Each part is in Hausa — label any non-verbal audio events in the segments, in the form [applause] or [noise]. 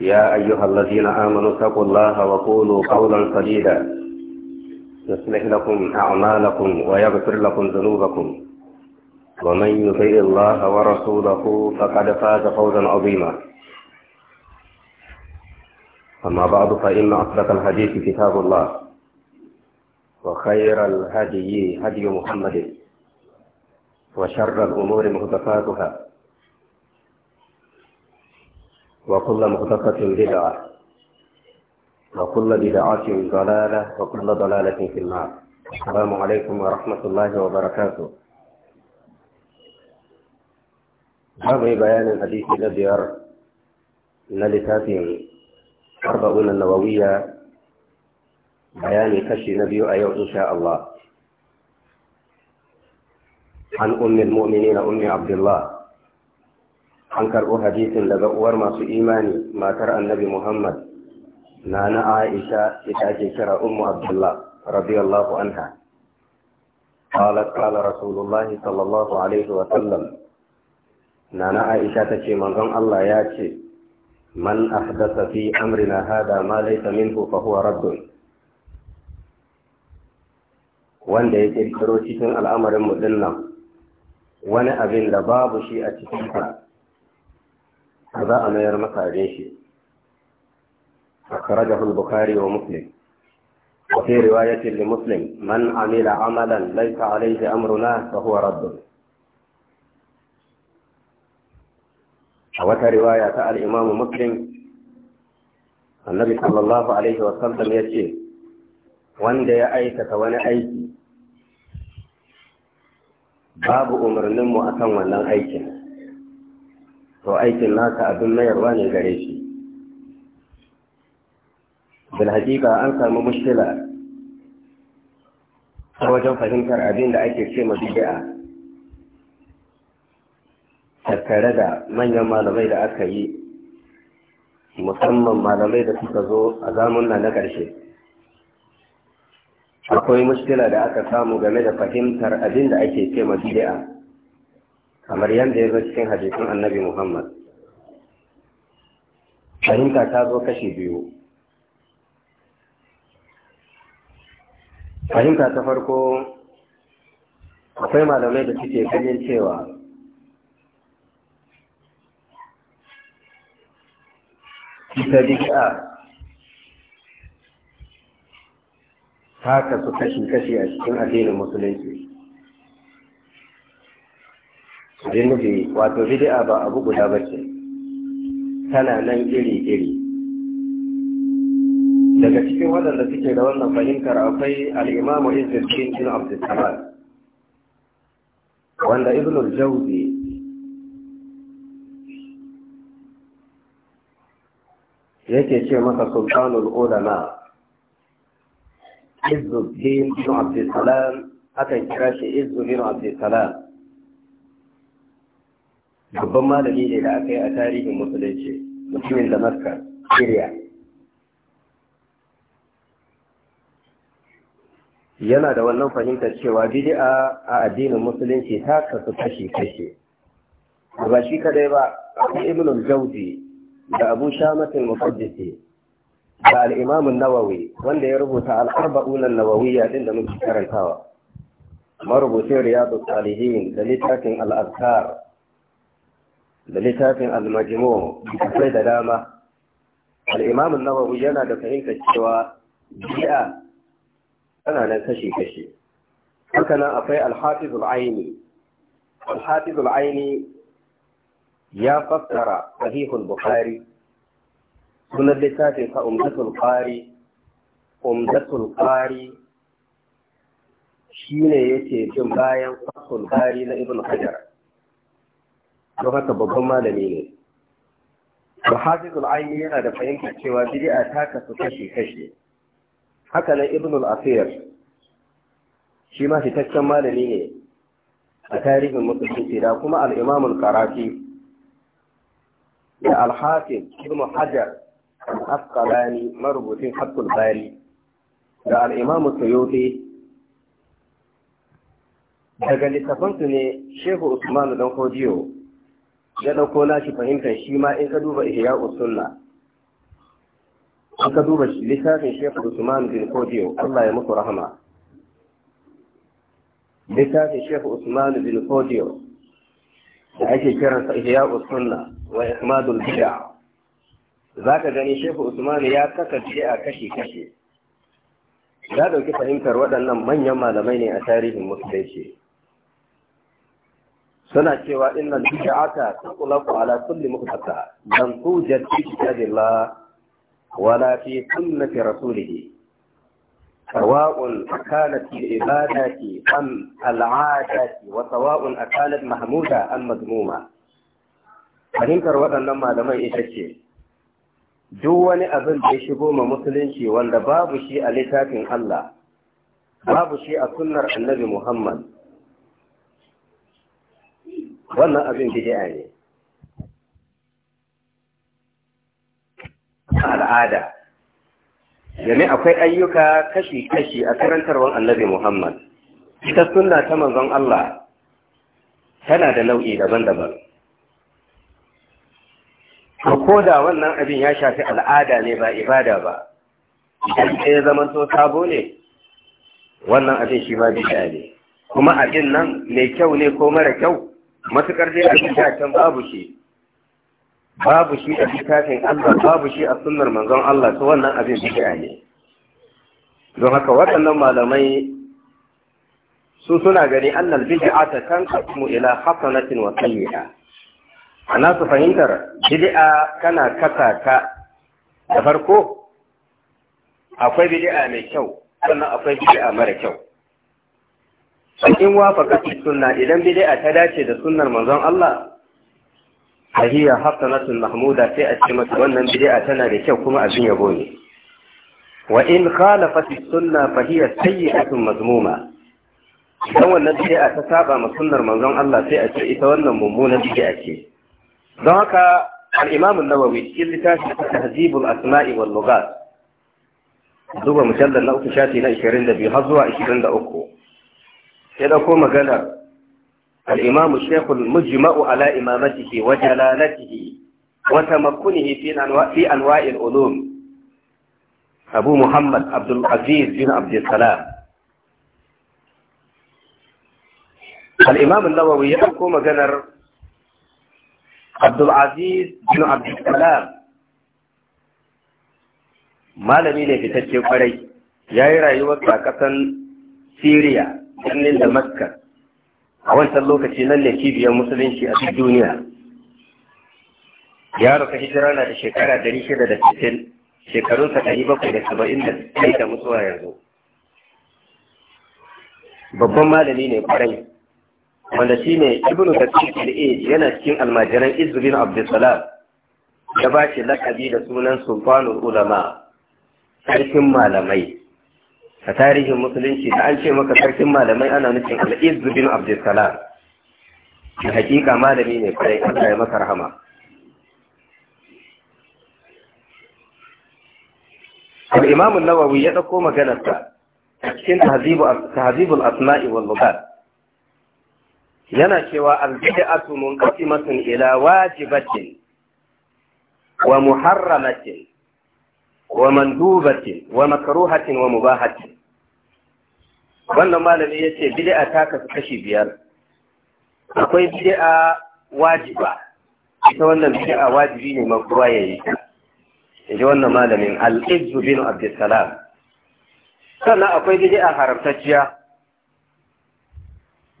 يا أيها الذين آمنوا اتقوا الله وقولوا قولا سديدا يصلح لكم أعمالكم ويغفر لكم ذنوبكم ومن يطيع الله ورسوله فقد فاز فوزا عظيما أما بعد فإن أصدق الحديث كتاب الله وخير الهدي هدي محمد وشر الأمور محدثاتها وكل مختصة بدعة وكل بدعة ضلالة وكل ضلالة في النار السلام عليكم ورحمة الله وبركاته هذا بيان الحديث الذي يرى من لساتهم أربعون النووية بيان كشف نبي أيوه إن شاء الله عن أم المؤمنين أم عبد الله an karɓo hadisin daga uwar masu imani matar annabi Muhammad na na Aisha ita ake kira Ummu Abdullah radiyallahu anha قالت قال رسول الله صلى na عليه وسلم نانا عائشة تشي من غن الله ياتي من أحدث في hada ma ما ليس منه huwa رد wanda ya kirkiro cikin al'amarin mu dinnan wani abin da babu shi a cikinsa za a mayar masajin shi a karajar bukari wa muslim a fi riwayatin da muslim man amila amalan laika alaihi amruna ta huwa raddun a wata riwaya ta al’imamu muslim annabi sallallahu alaihi ya ce wanda ya aikata wani aiki babu umarninmu a kan wannan aikin to aikin naka abin mayarwa ne gare shi bil hakika an samu mushkila ta wajen fahimtar abin da ake ce ma bid'a tattare da manyan malamai da aka yi musamman malamai da suka zo a na ƙarshe akwai mushkila da aka samu game da fahimtar abin da ake ce ma bid'a kamar yadda ya zo cikin hadisun annabi Muhammad. Fahimta ta zo kashi biyu. Fahimta ta farko akwai malamai da suke ganin cewa ita bid'a ta kasu kashi-kashi a cikin addinin musulunci. abin nufi wato bid'a ba abu guda ba ce tana nan iri-iri daga cikin waɗanda suke da wannan fahimtar akwai al'imamu izirgin ibn abdulsalam wanda ibn al-jawzi yake ce masa sultanul ulama izuddin ibn abdulsalam akan kira shi izuddin abdulsalam babban malami ne da aka yi a tarihin musulunci mutumin da maska syria yana da wannan fahimtar cewa bid'a a addinin musulunci ta kasu kashe-kashe ba shi kadai ba akwai ibn al-jawzi da abu shamat al da al nawawi wanda ya rubuta al-arba'un an-nawawiyya din da muke karantawa marubucin riyadu salihin da littafin al-azkar da littafin al-majmu da dama al-imam nawawi yana da fahimtar cewa bid'a tana nan kashi kashi haka nan akwai al aini aini ya fassara sahih al-bukhari sunan littafin sa umdatul qari umdatul qari shine ce jin bayan fasul qari na ibn hajar don haka babban malami ne ba hafizul yana da fahimtar cewa bid'a ta kasu kashi kashi haka nan ibnul asir shi ma fitaccen malami ne a tarihin musulunci da kuma al'imamul karafi da alhafiz ibn hajar al-asqalani marubucin hattul bari da al'imamu suyuti daga littafansu ne shehu usmanu dan ya ɗauko nashi fahimtar shi ma in ka duba ihya usunna in ka duba lissafin shekhu usman bin kodiyo allah ya muku rahama lissafin shekhu usman bin kodiyo da ake kiransa ihya usunna wa ihmadul bid'a za ka gani shekhu usman ya kasance a kashi-kashi ya ɗauki fahimtar waɗannan manyan malamai ne a tarihin musulunci suna cewa inna bid'ata tuqlaqu ala kulli muhdatha dan tujad fi kitabillah wala fi sunnati rasulih سواء أكانت العبادة أم العادة وسواء أكانت محمودة أم مذمومة fahimtar waɗannan malamai ita ce duk wani abin da ya shigo ma musulunci wanda babu shi a littafin Allah babu shi a sunnar annabi Muhammad wannan abin bid'a ne al'ada yami akwai ayyuka kashi-kashi a karantarwar annabi Muhammad ita sunna ta manzon Allah tana da nau'i daban-daban ko da wannan abin ya shafi al'ada ne ba ibada ba idan ya zama to sabo ne wannan abin shi ma bid'a ne kuma abin nan mai kyau ne ko mara kyau matukar dai a can babu shi babu shi a littafin Allah babu shi a sunnar manzon Allah to wannan abin bid'a ne don haka waɗannan malamai su suna gani annal bid'a ta kan kasmu ila hasanatin wa sayyi'a ana su fahimtar bid'a kana kasa ka da farko akwai bid'a mai kyau sannan akwai bid'a mara kyau in wafaka sunna idan bid'a ta dace da sunnar manzon Allah fahiya hasanatun mahmuda sai a ce mata wannan bid'a tana da kyau kuma abin yabo ne wa in khalafat sunna fahiya sayyi'atun mazmuma idan wannan bid'a ta saba ma sunnar manzon Allah sai a ce ita wannan mummunan bid'a ce don haka al-Imam an-Nawawi cikin littafin Tahzibul Asma'i wal Lughat duba mujallal na uku shafi na 22 har zuwa 23 sai ɗauko maganar al'imamu shekul mujma'u ala imamatihi wa jalalatihi wa tamakkunihi fi anwa'il ulum abu muhammad Abdulaziz bin abdul salam al'imamun nawawi ya ɗauko maganar abdul bin abdul salam malami ne fitacce kwarai ya yi rayuwar a ƙasan siriya birnin Damascus a wancan lokaci nan ne cibiyar musulunci a duk duniya ya rufe hijira na da shekara dari shida da sittin shekarunsa ɗari bakwai da saba'in da sittin da mutuwa yanzu babban malami ne kwarai wanda shi ne ibnu Al al'ej yana cikin almajiran izubin abdulsalam ya ba shi lakabi da sunan sultanul ulama ƙarfin malamai a tarihin musulunci da an ce maka sarkin malamai ana nufin al'izzu bin abdulsalam da hakika malami ne kwarai Allah ya masa rahama alimamu nawawi ya ɗauko maganarsa a cikin tahzibul asma'i wal lughat yana cewa al-bid'atu munqasimatun ila wajibatin wa muharramatin wa mandubatin wa makruhatin wa mubahatin wannan malami ya ce bid'a ta kasu kashi biyar akwai bid'a wajiba ita wannan bid'a wajibi ne makuwa ya yi ji wannan malamin al'izzu bin abdussalam sannan akwai bid'a haramtacciya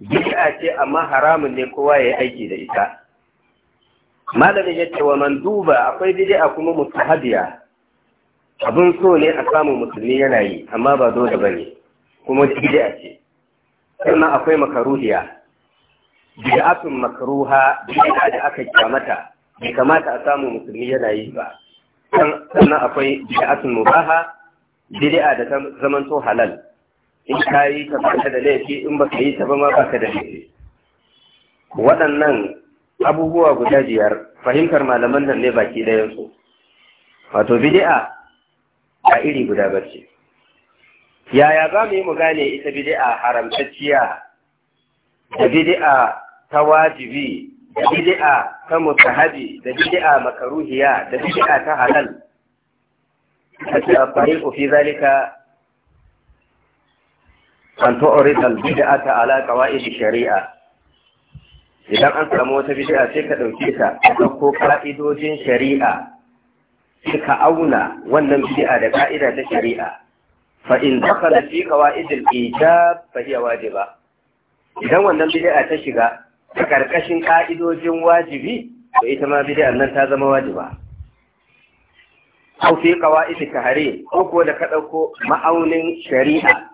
bid'a ce amma haramun ne kowa ya yi aiki da ita malamin ya ce wa duba akwai bid'a kuma hadiya. abun so ne a samun musulmi yana yi amma ba dole bane kuma bid'a ce sannan akwai makaruhiya bid'atun makruha bid'a da aka kyamata bai kamata a samu musulmi yana yi ba sannan akwai bid'atun mubaha bid'a da ta zamanto halal in ka yi ta baka da laifi in baka yi ta ba ma baka da laifi waɗannan abubuwa guda biyar fahimtar malaman nan ne baki ɗayan su wato bid'a a iri guda bace yaya za mu yi mu gane ita bid'a haramtacciya da bid'a ta wajibi da bid'a ta mutahabi da bid'a makaruhiya da bid'a ta halal فالطريق في ذلك أن تعرض البدعة على قواعد shari'a. idan an samu wata bid'a sai ka ɗauke ta ka ɗauko ka'idojin shari'a sai ka auna wannan bid'a da ka'ida ta shari'a fa'in dakala fi qawaidil ijab fa waje wajiba idan wannan bid'a ta shiga ta ƙarƙashin ƙa'idojin wajibi da ita ma bid'ar nan ta zama wajiba aw fi qawaidil ta ko ko da ka ɗauko ma'aunin shari'a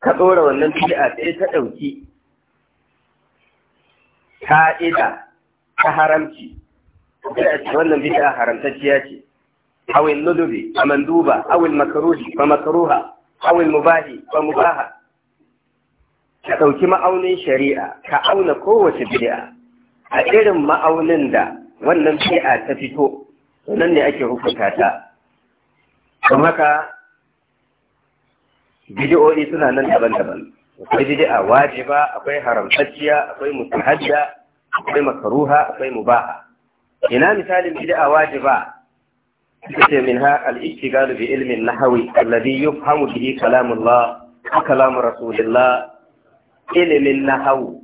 ka ɗora wannan bid'a sai ta ɗauki. Ta'ida ta haramci wannan bid'a haramtacciya ce أو الندب فمندوبة أو المكروه فمكروها أو المباح فمباحة ka ɗauki ma'aunin shari'a ka auna kowace bid'a a irin ma'aunin da wannan bid'a ta fito nan ne ake hukunta ta don haka bid'o'i suna nan daban-daban akwai bidi'a wajiba akwai haramtacciya akwai mutahadda akwai makaruha akwai mubaha ina misalin bidi'a wajiba ce min ha al-istigal bi ilmin nahawi alladhi yufhamu bihi kalamullah wa kalamu rasulillah ilimin nahawu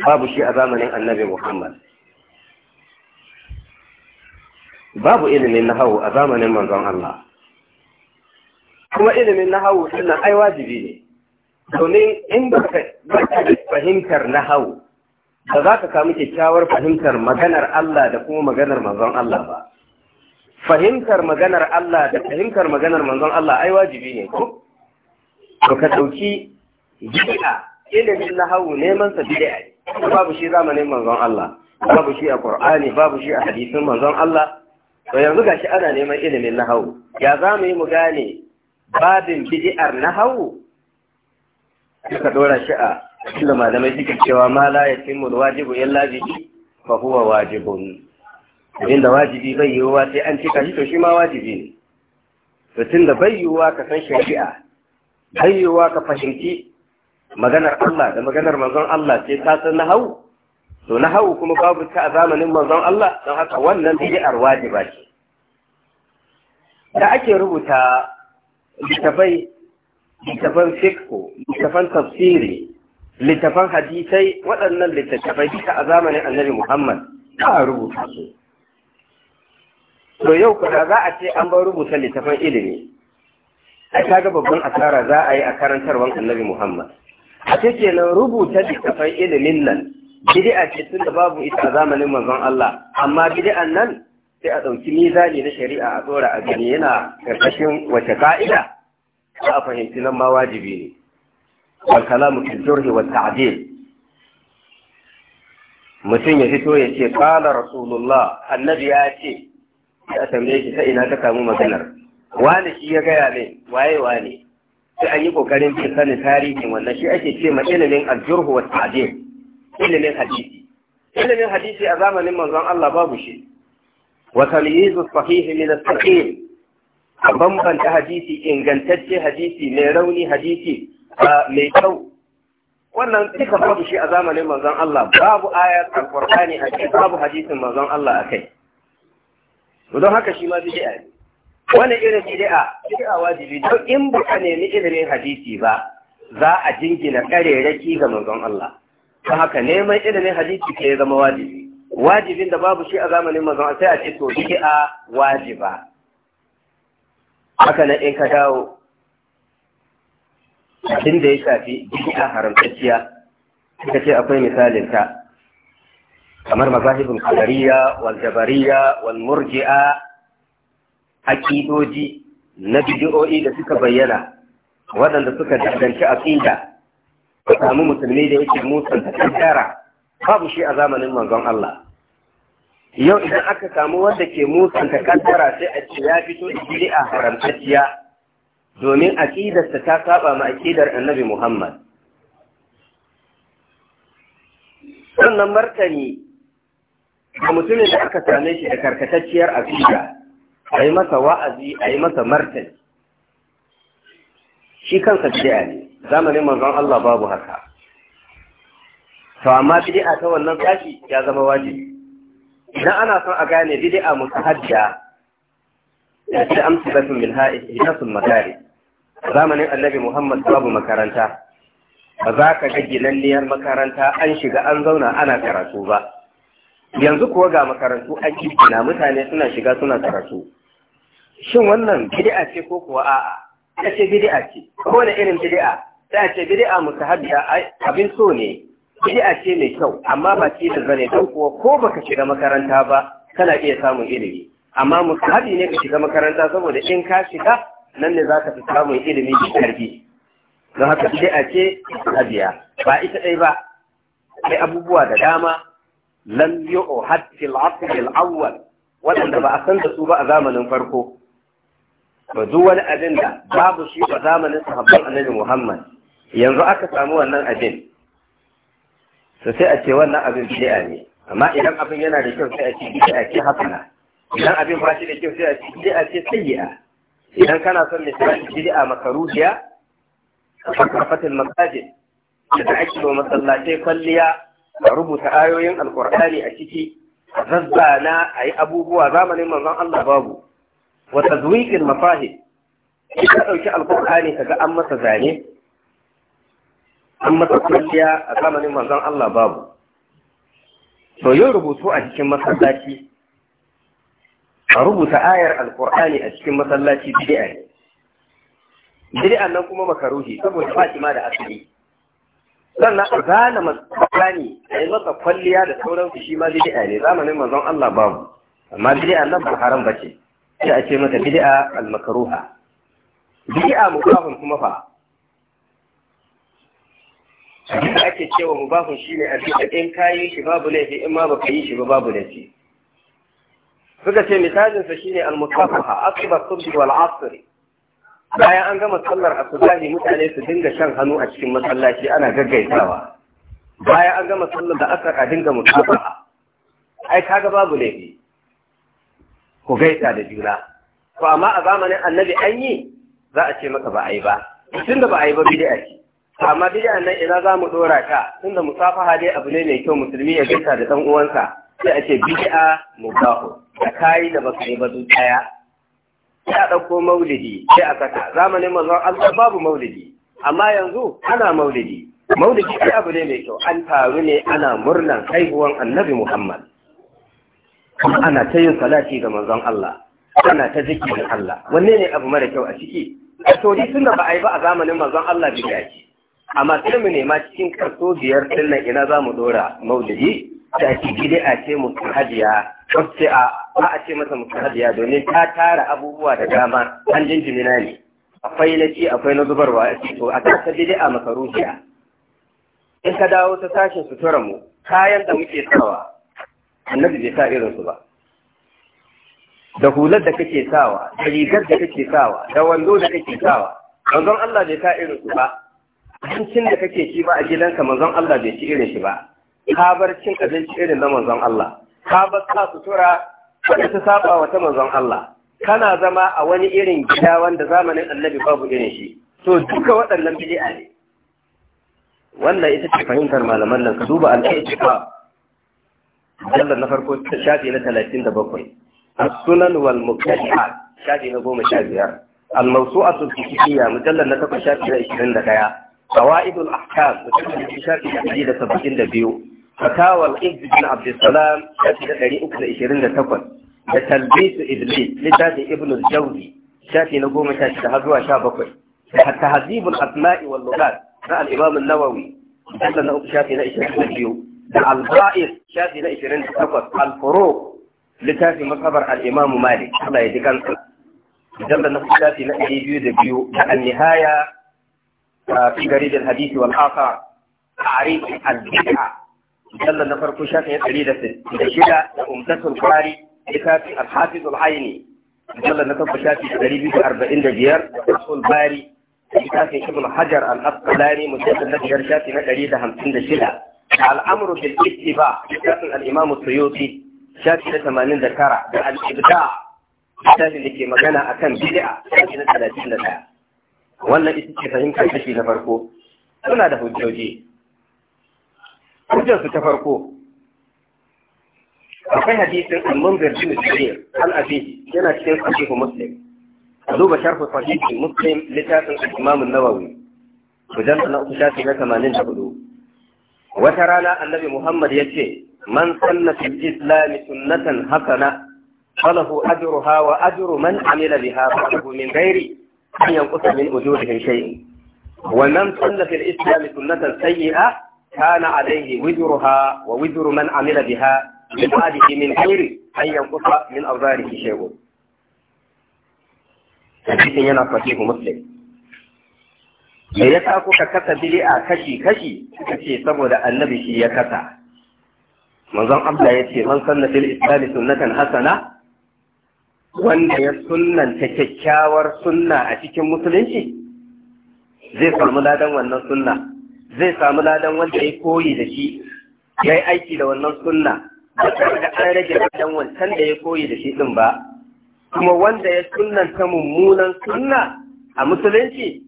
babu shi a zamanin annabi Muhammad babu ilimin nahawu a zamanin manzon Allah kuma ilimin nahawu sannan ai wajibi ne domin in ba ka fahimtar nahawu ba za ka kamu kyakkyawar fahimtar maganar Allah da kuma maganar manzon Allah ba fahimtar maganar Allah da fahimtar maganar manzon Allah ai wajibi ne ko to ka dauki bid'a ilimin nahawu neman sa bid'a ne babu shi zamanin manzon Allah babu shi a Qur'ani babu shi a hadisin manzon Allah to yanzu gashi ana neman ilimin nahawu ya zamu yi mu gane babin bid'ar nahawu ka dora shi a inda malamai suke cewa ma la yatimul wajibu illa bihi fa huwa wajibun abin da wajibi bai yiwuwa sai an cika shi to shi ma wajibi ne to tun da bai yiwuwa ka san shari'a bai yiwuwa ka fahimci maganar Allah da maganar manzon Allah sai ta san nahawu to nahawu kuma babu ta a zamanin manzon Allah don haka wannan bid'ar wajiba ce da ake rubuta littafai littafan fiqh littafan tafsiri littafan hadisai waɗannan littattafai duka a zamanin annabi Muhammad ba a rubuta su to yau kuda za a ce an bar rubuta littafin ilimi ai kaga babban asara za a yi a karantarwan annabi Muhammad a take nan rubuta littafin ilimin nan bid'a ce tun da babu ita a zamanin manzon Allah amma bid'an nan sai a ɗauki mizani na shari'a a tsora a gani yana karkashin wace ka'ida za a fahimci nan ma wajibi ne wal kalamu jurhi ta'dil mutum ya fito ya ce qala rasulullah annabi ya ce sai a tambaye shi ta ina ka samu maganar wani shi ya gaya min waye wani? sai an yi kokarin bin sanin tarihin wannan shi ake ce ma ilimin aljurhu wa ta'dil ilimin hadisi ilimin hadisi a zamanin manzon Allah babu shi wa tamyizu sahih min as-sahih a bambanta hadisi ingantacce hadisi mai rauni hadisi mai kyau wannan duka babu shi a zamanin manzon Allah babu ayat alqur'ani a babu hadisin manzon Allah akai to don haka shi ma bid'a ne wannan irin bid'a bid'a wajibi don in ba ka nemi ilimin hadisi ba za a jingina kareraki ga manzon Allah don haka neman ilimin hadisi ke zama wajibi wajibin da babu shi a zamanin manzon sai a ce to bid'a wajiba haka na in ka dawo abin da ya shafi bid'a haramtacciya kace akwai misalin ta kamar mazahibin kadariya wal jabariya wal murji'a na bidiyo'i da suka bayyana waɗanda suka danganci aqida ka samu musulmi da yake musan kaddara babu shi a zamanin manzon Allah yau idan aka samu wanda ke musan kaddara sai a ce ya fito da a haramtacciya domin aqidarsa ta saba ma aqidar Annabi Muhammad sannan martani ga mutumin da aka same shi da karkatacciyar aƙida a yi masa wa'azi a yi masa martani shi kansa bid'a ne zamanin manzon Allah babu haka to amma bid'a ta wannan sashi ya zama wajibi idan ana son a gane bid'a hajja ya ce amsa lafin min sun makari zamanin annabi Muhammad babu makaranta ba za ka ga ginanniyar makaranta an shiga an zauna ana karatu ba yanzu kuwa ga makarantu a na mutane suna shiga suna karatu shin wannan bid'a ce ko kuwa a'a ta ce bid'a ce ko wani irin bid'a ta ce bid'a mustahabbiya abin so ne bid'a ce mai kyau amma ba ce da zane don kuwa ko baka shiga makaranta ba kana iya samun ilimi amma mustahabi ne ka shiga makaranta saboda in ka shiga nan ne za ka fi samun ilimi da karfi don haka bid'a ce mustahabiya ba ita ɗai ba Akwai abubuwa da dama lam yu'had fil asr al awwal wanda ba a san da su ba a zamanin farko Ba duk wani abin da babu shi a zamanin sahabban annabi Muhammad yanzu aka samu wannan abin to sai a ce wannan abin bid'a ne amma idan abin yana da kyau sai a ce bid'a ce hasana idan abin ba shi da kyau sai a ce bid'a ce sayyi'a idan kana son misali bid'a makaruhiya fa kafatil masajid da ake wa masallatai kwalliya a rubuta ayoyin alkur'ani a ciki zazza na a yi abubuwa zamanin manzon Allah babu wa tazwiqil Shi ka ɗauki alkur'ani ga an masa zane an masa kwalliya a zamanin manzon Allah babu to yin rubutu a cikin masallaci a rubuta ayar alkur'ani a cikin masallaci bid'a ne bid'a nan kuma makaruhi saboda ba ma da asali Zan a gane matsakani a yi masa kwalliya da sauransu shi ma bid'a ne zamanin manzon Allah babu amma bid'a nan ba haram bace sai a ce mata bid'a al-makruha bid'a mubahun kuma fa abin ake cewa mubahun shine abin da in ka yi shi babu laifi in ma baka yi shi ba babu laifi suka ce misalin shi ne al-musafaha aqiba subhi Al asr bayan an gama sallar a asubahi mutane su dinga shan hannu a cikin masallaci ana gaggaisawa bayan an gama sallar da asar a dinga musafa ai kaga babu laifi ku gaisa da juna to amma a zamanin annabi an yi za a ce maka ba a yi ba tun da ba a yi ba bid'a ce amma nan ina za mu dora ta tunda musafaha dai abu ne mai kyau musulmi ya gaita da ɗan uwansa sai a ce bid'a mubahu da kai da baka yi ba zuciya sai a ɗauko maulidi sai a saka zamanin mazan Allah babu maulidi amma yanzu ana maulidi maulidi sai abu ne mai kyau an taru ne ana murnan haihuwan annabi Muhammad Kuma ana ta yin salati ga mazan Allah ana ta da Allah wanne ne abu mara kyau a ciki a tori tun ba a yi ba a zamanin mazan Allah bi da mu nema cikin karso biyar din ina za mu maulidi da ake gidi a ce wacce a ba a ce masa mustahabiya domin ta tara abubuwa da dama an jinjimina ne akwai na ci akwai na zubarwa to a kan ta a makaruhiya in ka dawo ta sashin sutura mu kayan da muke sawa annabi bai sa irin su ba da hular da kake sawa da rigar da kake sawa da wando da kake sawa manzon Allah bai sa irin su ba abincin da kake ci ba a gidanka manzon Allah bai ci irin shi ba ka bar cin abinci irin na manzon Allah ka ba ka sutura wanda ta saba wa ta manzon Allah kana zama a wani irin gida wanda zamanin annabi babu irin shi to duka waɗannan bid'a ne wannan ita ce fahimtar malaman nan ka duba al-i'tiqad jallar na farko shafi na 37 as-sunan wal muqaddimat shafi na 15 al-mawsu'atu al-fiqhiyya mujallal na 8 shafi na 21 qawaidul ahkam mujallal na shafi na 172 فتاوى الإبد بن عبد السلام شافي لقري أكل إشيرين لتكون لتلبيس إبليس لتاتي ابن الجوزي شافي نقوم شاتي تهدوها شابكوي تهذيب الأسماء واللغات مع الإمام النووي مثلا أبو شافي لإشيرين لبيو البائس شافي لإشيرين لتكون الفروق لتاتي مصبر الإمام مالك الله يتكلم جنب النقل شافي لإشيرين لبيو النهاية آه، في جريد الحديث والآخر تعريف البدعة mujallar na farko shafin ɗari da sittin da shida da umtatul kwari littafin alhafiz al'aini na farko shafi ɗari biyu arba'in da biyar da rasul bari littafin ibn hajar al-asqalani mujallar na biyar shafi na ɗari da hamsin da shida da al'amuru bil ittiba al-imam suyuti shafi na tamanin da tara da da ke magana akan bid'a shafi talatin da wannan ita ce fahimtar kashi na farko suna da hujjoji hujjar su ta farko akwai hadisin al-munzir bin sirr al-abi yana cikin sahih muslim a duba sharh sahih muslim littafin imam an-nawawi mujallad na uku shafi na hudu. wata rana annabi muhammad ya ce man sanna fil islam sunnatan hasana falahu ajruha wa ajru man amila biha falahu min ghairi an yanqusa min ujurihim shay'in wa man sanna fil islam sunnatan sayyi'a kana alaihi wizruha wa wizru man amila biha min ba'dihi min ghairi an yanqusa min awzarihi shay'un hadisin yana sahihu muslim me sa kuka kasa bid'a kashi kashi suka ce saboda annabi shi ya kasa manzon Allah ya ce man sanna fil islam sunnatan hasana wanda ya sunnanta kyakkyawar sunna a cikin musulunci zai samu ladan wannan sunna zai samu ladan wanda ya koyi da shi ya yi aiki da wannan sunna ba tare da an rage ladan wancan da ya koyi da shi din ba kuma wanda ya ta mummunan sunna a musulunci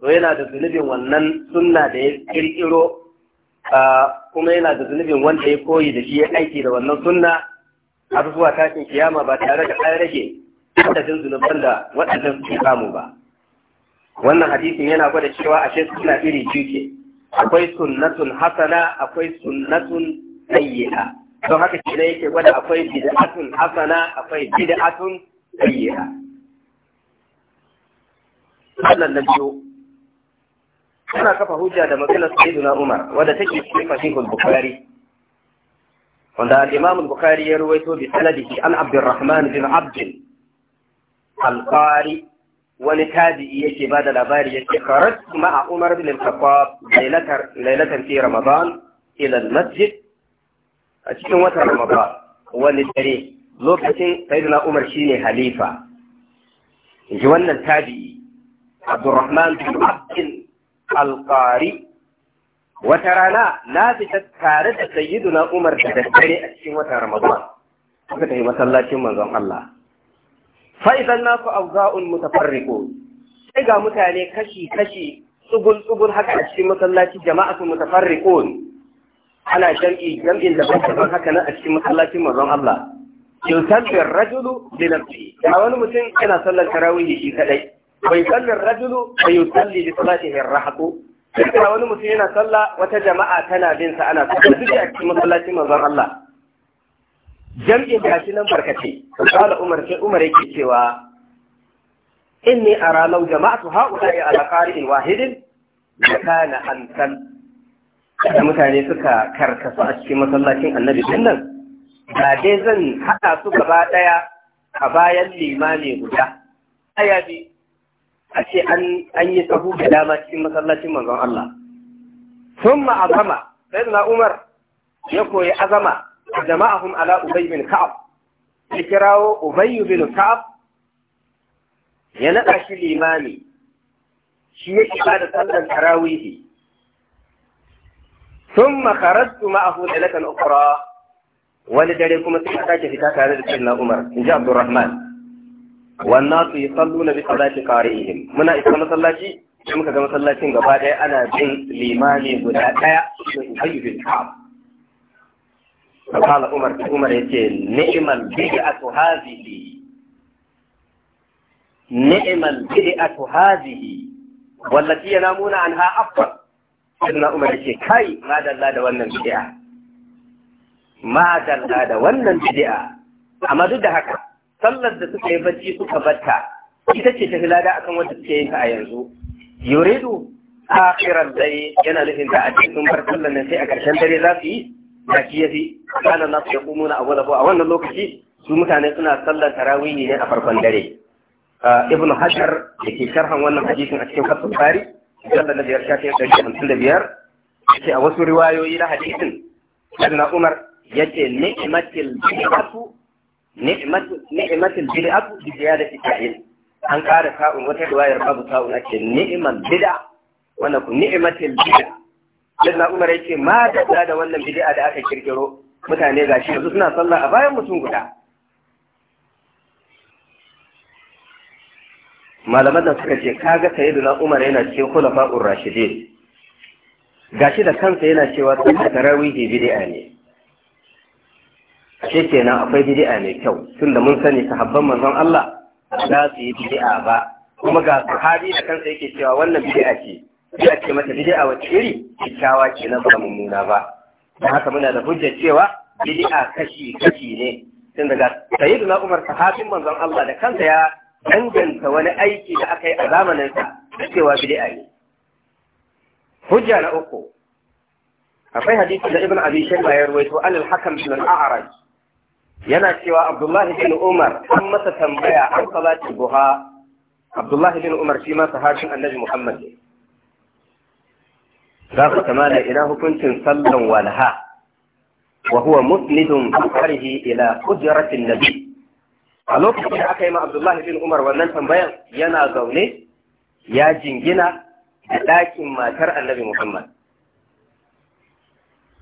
to yana da zunubin wannan sunna da ya kirkiro kuma yana da zunubin wanda ya koyi da shi ya aiki da wannan sunna har zuwa tashin kiyama ba tare da an rage adadin zunuban da waɗannan suke samu ba wannan hadisin yana gwada cewa ashe suna iri biyu akwai sunnatun hasana akwai sunnatun sayyi'a don haka shi ne yake gwada akwai bid'atun hasana akwai bid'atun sayyi'a sannan na biyu ana kafa hujja da matsalar sayyiduna umar wadda take cikin fasihul bukhari wanda al-imam al-bukhari ya ruwaito bi sanadihi an abdurrahman bin abd al-qari wani tabi'i yake ba da labari yake karat ma'a Umar bin Khattab lailatan fi Ramadan ila masjid a cikin watan Ramadan wani dare lokacin Sayyidina Umar shine halifa ji wannan tabi'i Abdurrahman bin Abd al-Qari wata rana na fita tare da Sayyidina Umar da dare a cikin watan Ramadan suka tafi masallacin manzon Allah fa'idan nasu auza'un mutafarriqu sai ga mutane kashi kashi tsubul tsubul haka a cikin masallaci jama'atu mutafarriqun ana jam'i jam'in da ban haka na a cikin masallacin mazan Allah Yau ar-rajulu li nafsihi ga wani mutum yana sallar tarawih shi kadai bai salli ar-rajulu fa yusalli li salatihi ar-rahatu ga wani mutum yana sallah wata jama'a tana bin sa ana sallar duk a cikin masallacin manzon Allah jam'in gashi nan barkace kala umar sai umar yake cewa inni ara law jama'tu ya ala qari'in wahidin da kana amsal da mutane suka karkasa a cikin masallacin annabi nan, ba dai zan haɗa su gaba ɗaya a bayan limani guda ayabi bi a ce an yi sahu da dama cikin masallacin manzon Allah sun ma'azama sai na umar ya koyi azama فجمعهم على أبي بن كعب فكروا أبي بن كعب ينقش الإمامي شيء بعد صلاة التراويح ثم خرجت معه ليلة أخرى ولدريكم سحتاك في هذا سيدنا عمر إن جاء عبد الرحمن والناس يصلون بصلاة قارئهم منا إسلام صلى muka ga masallacin gaba ɗaya ana bin limami guda ɗaya فقال عمر عمر يقول نعم البدعة هذه نعم البدعة هذه والتي ينامون عنها أفضل سيدنا عمر يقول كي ما دل da wannan bid'a ma dalla da wannan bid'a amma duk da haka sallar da suka yi bacci suka batta ita ce ta lada akan wanda suke yin ta a yanzu yuridu akhiran dare yana a cikin bar sallar sai a ƙarshen dare za su yi da kana nasu ya kumuna a wadafu a wannan lokaci su mutane suna sallar tarawihi ne a farkon dare ibn hashar da ke sharhan wannan hadisin a cikin fasul bari sallar na biyar shafi ɗari hamsin da biyar yace a wasu riwayoyi na hadisin sanna umar yace ni'matil bid'atu ni'matil ni'matil bid'atu bi ziyadati ta'il an ƙara sa'un wata riwayar babu sa'un ake ni'man bid'a wannan ku ni'matil bid'a na Umar ya ce ma da da wannan bid'a da aka kirkiro mutane gashi yanzu suna sallah a bayan mutum guda. Malaman da suka ce kaga na Umar yana cikin khulafa'ur rashidin. Gashi da kansa yana cewa sallah tarawihi bid'a ne. Ashe kenan akwai bid'a mai kyau tunda mun sani sahabban manzon Allah za su yi bid'a ba kuma ga sahabi da kansa yake cewa wannan bid'a ce. ya ce mata bid'a wace iri kyakkyawa nan ba mummuna ba don haka muna da hujjar cewa a kashi kashi ne tun daga sayyiduna Umar sahabin manzon Allah da kansa ya danganta wani aiki da aka yi a zamanin sa cewa bid'a ne hujja na uku akwai hadisi da Ibn Abi Shayba ya rawaito an al-Hakam bin al-A'raj yana cewa Abdullahi bin Umar an masa tambaya an salatul duha Abdullahi bin Umar shi ma sahabin Annabi Muhammad ne za ku tamala ina hukuncin sallan walha wa huwa musnidun fakarihi ila hujratin nabi a lokacin da aka yi ma Abdullahi bin Umar wannan tambayan yana zaune ya jingina da ɗakin matar Annabi Muhammad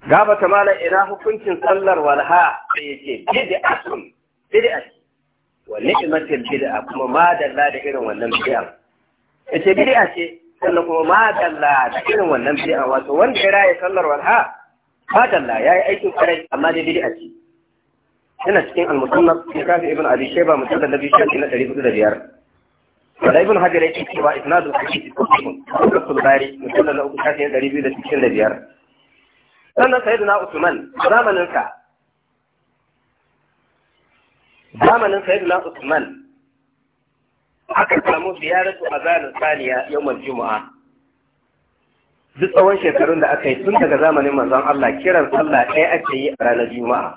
gaba tamala ina hukuncin sallar walha sai yace bid'atun bid'at wa ni'matul bid'a kuma ma da irin wannan Ya ce bid'a ce sannan kuma ma da irin wannan bid'a wato wanda ya raye sallar walha ma dalla yayi aikin kwarai amma dai bid'a ce yana cikin al-musannaf fi kafi ibn abi shayba mutallal nabi shafi na 405 wala ibn hajar yake cewa isnadu hadisi sahihun rasul bari mutallal uku shafi na sannan sayyidina usman zamanin sa zamanin sayyidina usman aka samu a zanen saniya yawan juma'a duk tsawon shekarun da aka yi tun daga zamanin manzon Allah kiran sallah ɗaya ake yi a ranar juma'a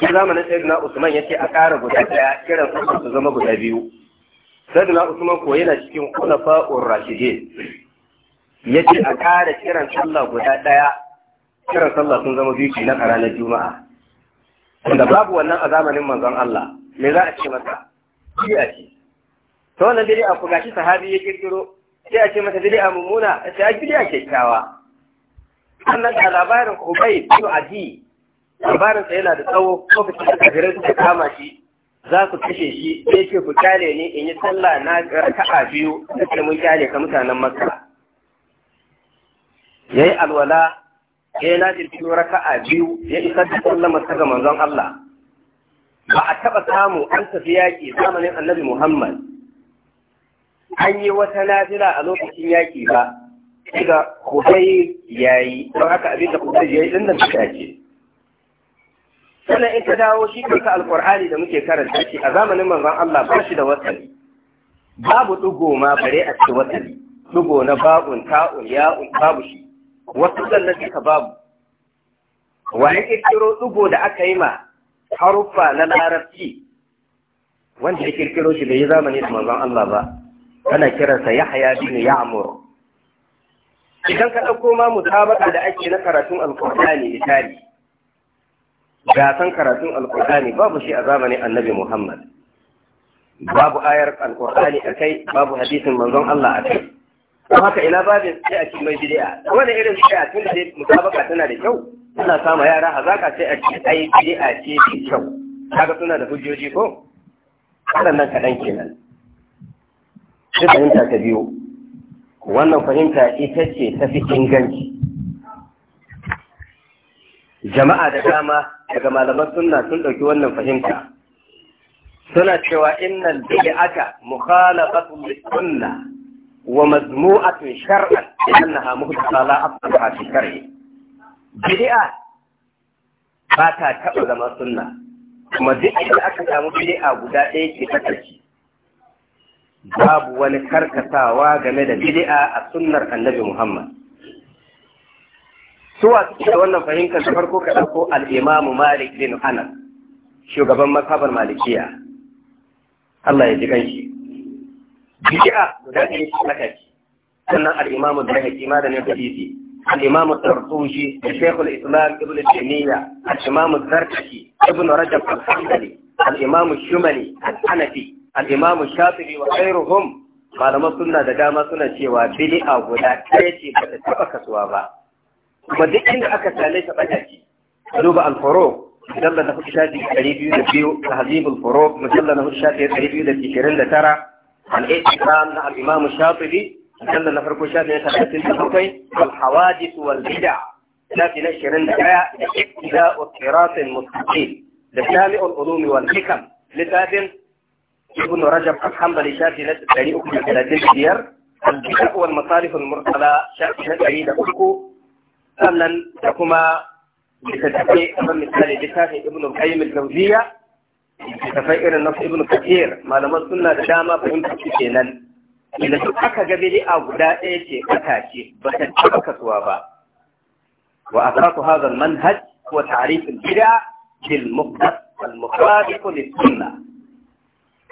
shi zamanin sayyidina usman ya ce a ƙara guda ɗaya kiran sallah su zama guda biyu na usman ko yana cikin rashide Ya ce a ƙara kiran sallah guda ɗaya kiran sallah sun zama biyu kenan a ranar juma'a wanda babu wannan a zamanin manzon Allah me za a ce masa a ce ta wannan bid'a a gashi sahabi ya kirkiro sai a ce masa a mummuna sai a bid'a kyakkyawa sannan da labarin Ubay bin Adi labarin sa yana da tsawo ko lokacin da kafirai su kama shi za ku kashe shi sai ce ku kyale ne in yi sallah na raka'a biyu sai mun kyale ka mutanen Makka yayi alwala na yayi nafil raka'a biyu ya isa da sallah ta ga manzon Allah ba a taɓa samu an tafi yaƙi zamanin annabi Muhammad an yi wata nazira a lokacin yaƙi ba daga kusai ya yi don haka abin da kusai ya yi ɗin da suka ce sannan in ka dawo shi kanka alƙur'ani da muke karanta shi a zamanin manzon Allah ba shi da wasali babu ɗugo ma bare a cikin wasali Ɗugo na babun ta'un ya'un babu shi wasu zallan suka babu Wani ƙirƙiro kirkiro da aka yi ma haruffa na larabci wanda ya kirkiro shi bai yi zamani da manzon Allah ba ana kiransa Yahya bin Ya'mur idan ka ɗauko ma musabaka da ake na karatun Al-Qaubi alƙur'ani misali gasan karatun Al-Qaubi alƙur'ani babu shi a zamanin annabi Muhammad babu ayar al alƙur'ani a kai babu hadisin manzon Allah a kai Ko haka ina babin sai a cikin mai bid'a wani irin a tun da musabaka tana da kyau suna sama yara hazaka sai a ce ai bid'a ce da kyau kaga suna da hujjoji ko waɗannan kaɗan kenan sai fahimta ta biyu wannan fahimta ita ce ta fi inganci jama'a da dama daga malaman suna sun ɗauki wannan fahimta suna cewa innal aka mukhalafatun da suna wa mazmu'atun shar'an hamu da tsala a fi kare bid'a ba ta taɓa zama suna, kuma duk inda aka samu bid'a guda ɗaya ke ta babu wani karkatawa game da bid'a a sunnar annabi Muhammad suwa suke da wannan fahimtar da farko ka ɗauko al'imamu Malik bin Anas shugaban makabar malikiya Allah ya ji ganshi bid'a guda ɗaya ce aka ce sannan al'imamu da ya ma da ne hadisi الإمام الطرطوشي الشيخ الإسلام ابن تيمية الإمام الزركشي ابن رجب الحنبلي الإمام الشملي الحنفي al-imam shafi'i wa ghayruhum malaman suna da dama suna cewa a guda ɗaya ce ba ta taɓa kasuwa ba kuma duk inda aka sale ta bada ce duba al-furuq mujalla na hudu shafi ɗari biyu da biyu tahzib al-furuq mujalla na hudu shafi ɗari biyu da ishirin da tara al-i'tikam na al-imam shafi'i mujalla na farko shafi na talatin da bakwai al-hawadith wal bid'a shafi na ishirin da ɗaya da iktida'u siratin mustaqim da jami'ul ulumi wal hikam littafin ابن رجب الحنبلي شافي لدي أكل فيلادلفيا البناء والمصارف المرسلة شافي لدي أكل أهلا لكما بتدفي أمام مثال لشافي ابن القيم الجوزية بتفكر النص ابن كثير ما لم أصلنا دشامة بهم تكتينا إلا تبقى قبلي أو لا إيتي أتاكي بس تبقى صوابا وأثرات هذا المنهج هو تعريف البدع بالمقدس المخالف للسنه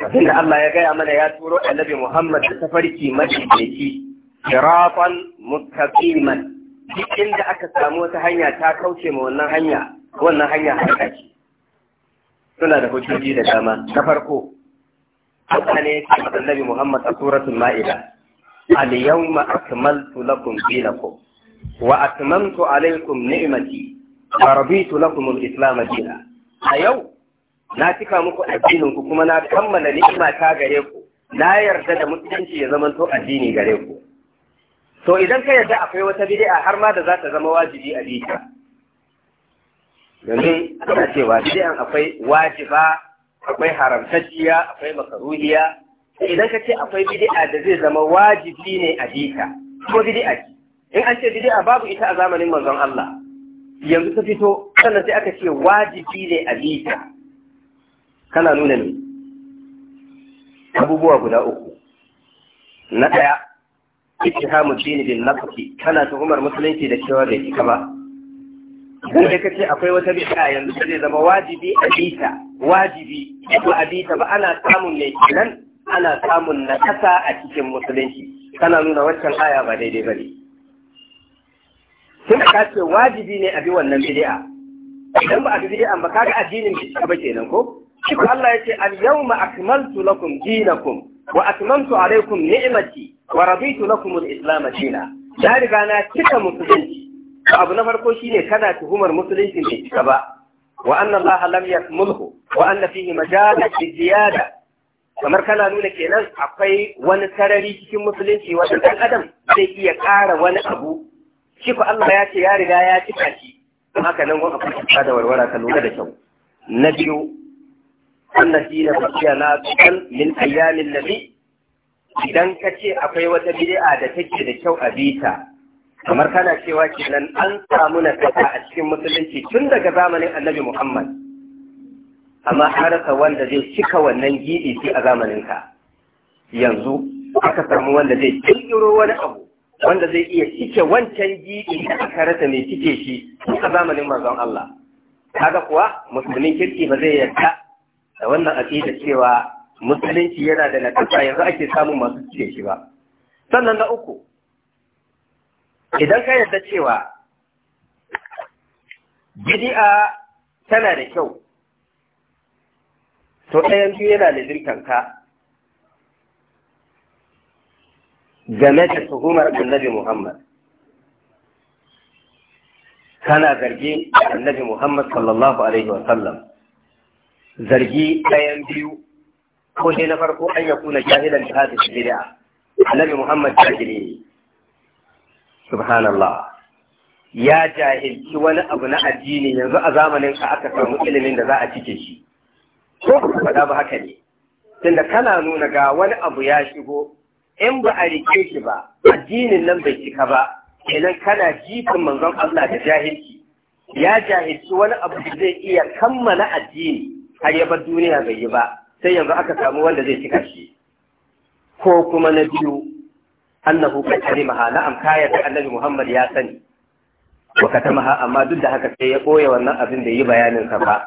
abinda Allah ya gaya mana ya turo annabi Muhammad da tafarki madaidaici shiratan mustaqiman duk inda aka samu wata hanya ta kauce ma wannan hanya wannan hanya harka ce suna da hujjoji da dama na farko Allah ne ya ce annabi Muhammad a suratul Ma'ida اليوم أكملت لكم دينكم وأتممت عليكم نعمتي ورضيت islam الإسلام a yau. na cika muku addinin ku kuma na kammala ni'ima ta gare ku na yarda da mutunci ya zama to addini gare ku to idan ka yarda akwai wata bid'a har ma da za ta zama wajibi a bita domin ana cewa bid'an akwai wajiba akwai haramtacciya akwai makaruhiya idan ka ce akwai bid'a da zai zama wajibi ne a bita ko bid'a in an ce bid'a babu ita a zamanin manzon Allah yanzu ta fito sannan sai aka ce wajibi ne a bita kana nuna ne abubuwa guda uku na ɗaya mu dini bin nafsi kana umar musulunci da cewa bai cika ba dan da kace akwai wata bid'a yanzu zai zama wajibi a bita wajibi ba a bita ba ana samun ne kenan ana samun nakasa a cikin musulunci kana nuna waccan aya ba daidai bane sai ka ce wajibi ne a bi wannan bid'a idan ba a bi bid'a ba kaga addinin bai cika ba kenan ko shi Allah ya ce al-yawma akmaltu lakum dinakum wa atmamtu alaykum ni'mati wa raditu lakum al-islam dina riga na cika musulunci abu na farko shine kana tuhumar musulunci bai cika ba wa anna Allah lam yakmulhu wa anna fihi majala ziyada kamar kana nuna kenan akwai wani sarari cikin musulunci wanda dan adam zai iya ƙara wani abu shi ko Allah ya ce ya riga ya cika shi haka nan wani abu da warwara ka lura da kyau na biyu anna dina bakiya na tukan min ayyamin idan ka ce akwai wata bid'a da take da kyau a bita kamar kana cewa kenan an samu nasara a cikin musulunci tun daga zamanin annabi muhammad amma harasa wanda zai cika wannan gidi shi a ka. yanzu aka samu wanda zai kirkiro wani abu wanda zai iya cike wancan gidi da aka rasa mai cike shi a zamanin manzon Allah kaga kuwa musulmin kirki ba zai yarda da wannan aqida cewa musulunci yana da nakasa yanzu ake samun masu cike shi ba sannan na uku idan ka yarda cewa bid'a tana da kyau to ɗayan biyu yana da ka game da tuhumar annabi Muhammad kana zargin annabi Muhammad sallallahu alaihi wa sallam zargi ɗayan biyu ko dai na farko an ya kuna jahilan da hadis bid'a annabi Muhammad jahili subhanallah ya jahilci wani abu na addini yanzu a zamanin ka aka samu ilimin da za a cike shi ko ku faɗa ba haka ne tunda kana nuna ga wani abu ya shigo in ba a rike shi ba addinin nan bai cika ba kenan kana jikin manzon Allah da jahilci ya jahilci wani abu da zai iya kammala addini har ya bar duniya bai yi ba sai yanzu aka samu wanda zai cika shi ko kuma na biyu annahu qad alimaha na'am kaya da annabi Muhammad ya sani ta maha amma duk da haka sai ya boye wannan abin da yi bayanin sa ba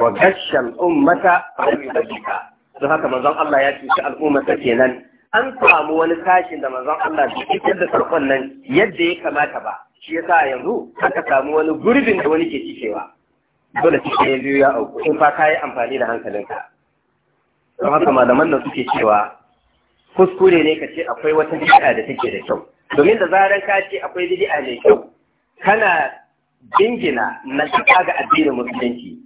wa gashshal ummata fa yubika don haka manzon Allah ya ce al'umma ta kenan an samu wani sashin da manzon Allah bai fitar da sarkon nan yadda ya kamata ba shi yasa yanzu aka samu wani gurbin da wani ke cikewa dole sai ɗaya biyu ya auku in fa ka amfani da hankalinka don haka malaman nan suke cewa kuskure ne ka ce akwai wata bid'a da take da kyau domin da zaran ka ce akwai bid'a mai kyau kana dingina na ga addinin musulunci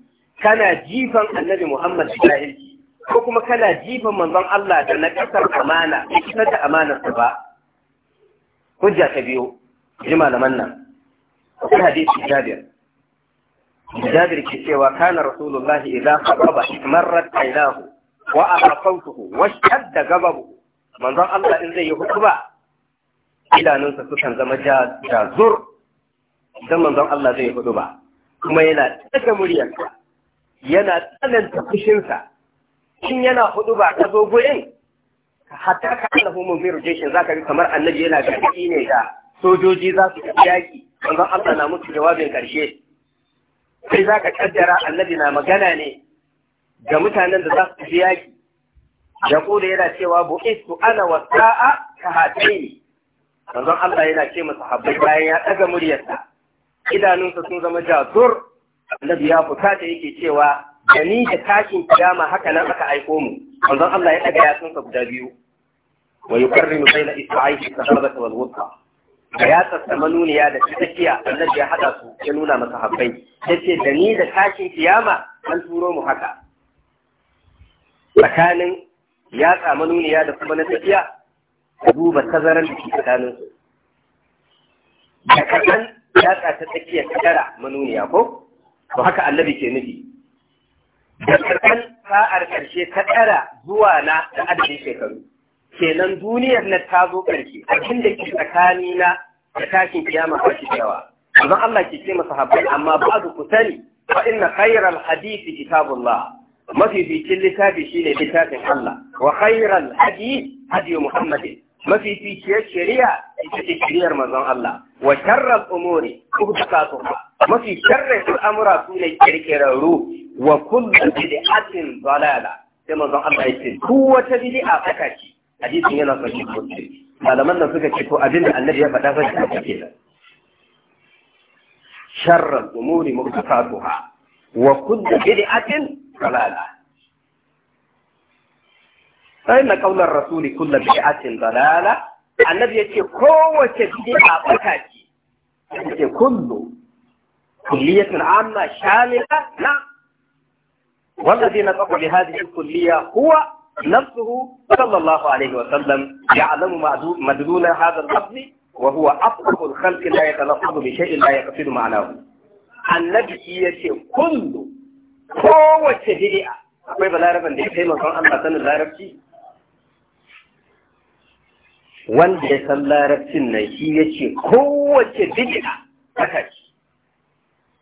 kana jifan annabi Muhammad jahilci ko kuma kana jifan manzon Allah da na kasar amana ita da amanar sa ba hujja ta biyo ji malaman nan akwai hadisi Jabir jabir ke cewa kana rasulullahi idan kharaba marrat aynahu wa a aqafawtuhu wa da gababu manzon Allah in zai yi ba? idanunsa sukan zama jazur idan manzon Allah zai yi ba kuma yana daga muryarsa yana tsananta fushinsa in yana ba ta zo gurin hatta ka annahu mumiru jeshin zaka ga kamar annabi yana gargaɗi ne da sojoji za su yaki manzon Allah na mutu jawabin ƙarshe. kai za ka kaddara annabi na magana ne ga mutanen da za su fi yaki ya da yana cewa bu'istu ana wa sa'a ka hataini manzon Allah yana ce masa habbai bayan ya ɗaga muryarsa idanunsa sun zama jazur annabi ya fita da yake cewa gani da tashin kiyama haka nan aka aiko mu manzon Allah ya ɗaga yatsunsa guda biyu wa yukarrimu bayna isba'ihi ka darbata wal wusta da ya tsatsa nuniya da tsakiya annabi ya haɗa su ya nuna masa habbai yace da ni da tashin kiyama an turo mu haka tsakanin ya tsama nuniya da kuma na tsakiya ka duba tazarar da ke tsakanin su da kaɗan yatsa ta ta tara manuniya ko to haka annabi ke nufi da kaɗan sa'ar ƙarshe ta tara zuwa na da adadin shekaru kenan duniyar nan ta zo ƙarshe abin da ke tsakani na da tashin kiyama ba shi yawa amma Allah ke ce masa habbai amma ba ku sani fa inna khayral hadisi kitabullah mafificin littafi shine littafin Allah wa khayral hadisi hadi Muhammadin mafificiyar shari'a ita ce shari'ar manzon Allah wa sharral umuri muhdathatuha mafi sharrin al'amura sune ne kirkirarru wa kullu bid'atin dalala sai manzon Allah ya ce Ku wata bid'a fata hadisin yana sahih muslim malaman nan suka ce ko abin da annabi ya faɗa fa shi ake da sharra umuri muktasatuha wa kullu bid'atin dalala sai na kaular rasuli kullu bid'atin dalala annabi ya yace kowace bid'a bata ce yace kullu كلية amma shamila na والذي نطق بهذه الكلية هو نفسه صلى الله عليه وسلم يعلم مدلول هذا اللفظ وهو أفضل الخلق لا يتلفظ بشيء لا يقصد معناه annabi ya ce kullu kowace bid'a akwai balaraban da ya kai manzon Allah sanin larabci wanda ya san larabcin nan shi ya ce kowace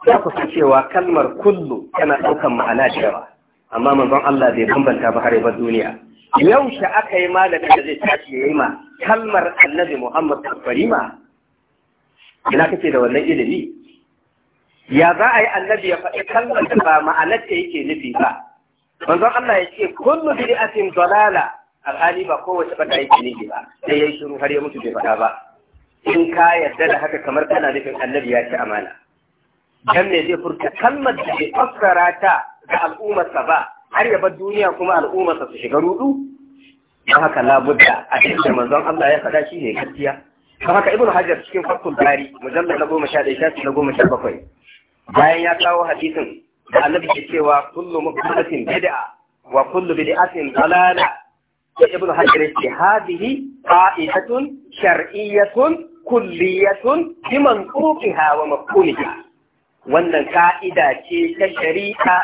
za ku cewa kalmar kullu yana ɗaukan ma'ana da amma manzon Allah bai bambanta ba har duniya yaushe aka yi malamin da zai tashi yi ma kalmar annabi Muhammad Karima ina kake da wannan ilimi ya za a yi annabi ya faɗi kalmar da ba ma'anarta yake nufi ba manzon Allah ya ce bi asin dalala alhali ba kowace bata yake nufi ba sai yi shiru har ya mutu bai faɗa ba in ka yarda da haka kamar kana nufin annabi ya ci amana dan ne zai furta kalmar da ke fassara ta ga al'ummarsa ba har ya bar duniya kuma al'ummarsa su shiga rudu don haka labudda a cikin manzon Allah ya faɗa shi ne gaskiya don haka ibnu hajar cikin fakkul bari mujallal na goma sha ɗaya na goma sha bakwai bayan ya kawo hadisin da annabi ke cewa kullu muhdathatin bid'a wa kullu bid'atin dalala sai ibnu hajar ce hadihi qa'idatun shar'iyyatun kulliyatun bi manquqiha wa mafhumiha wannan ka'ida ce ta shari'a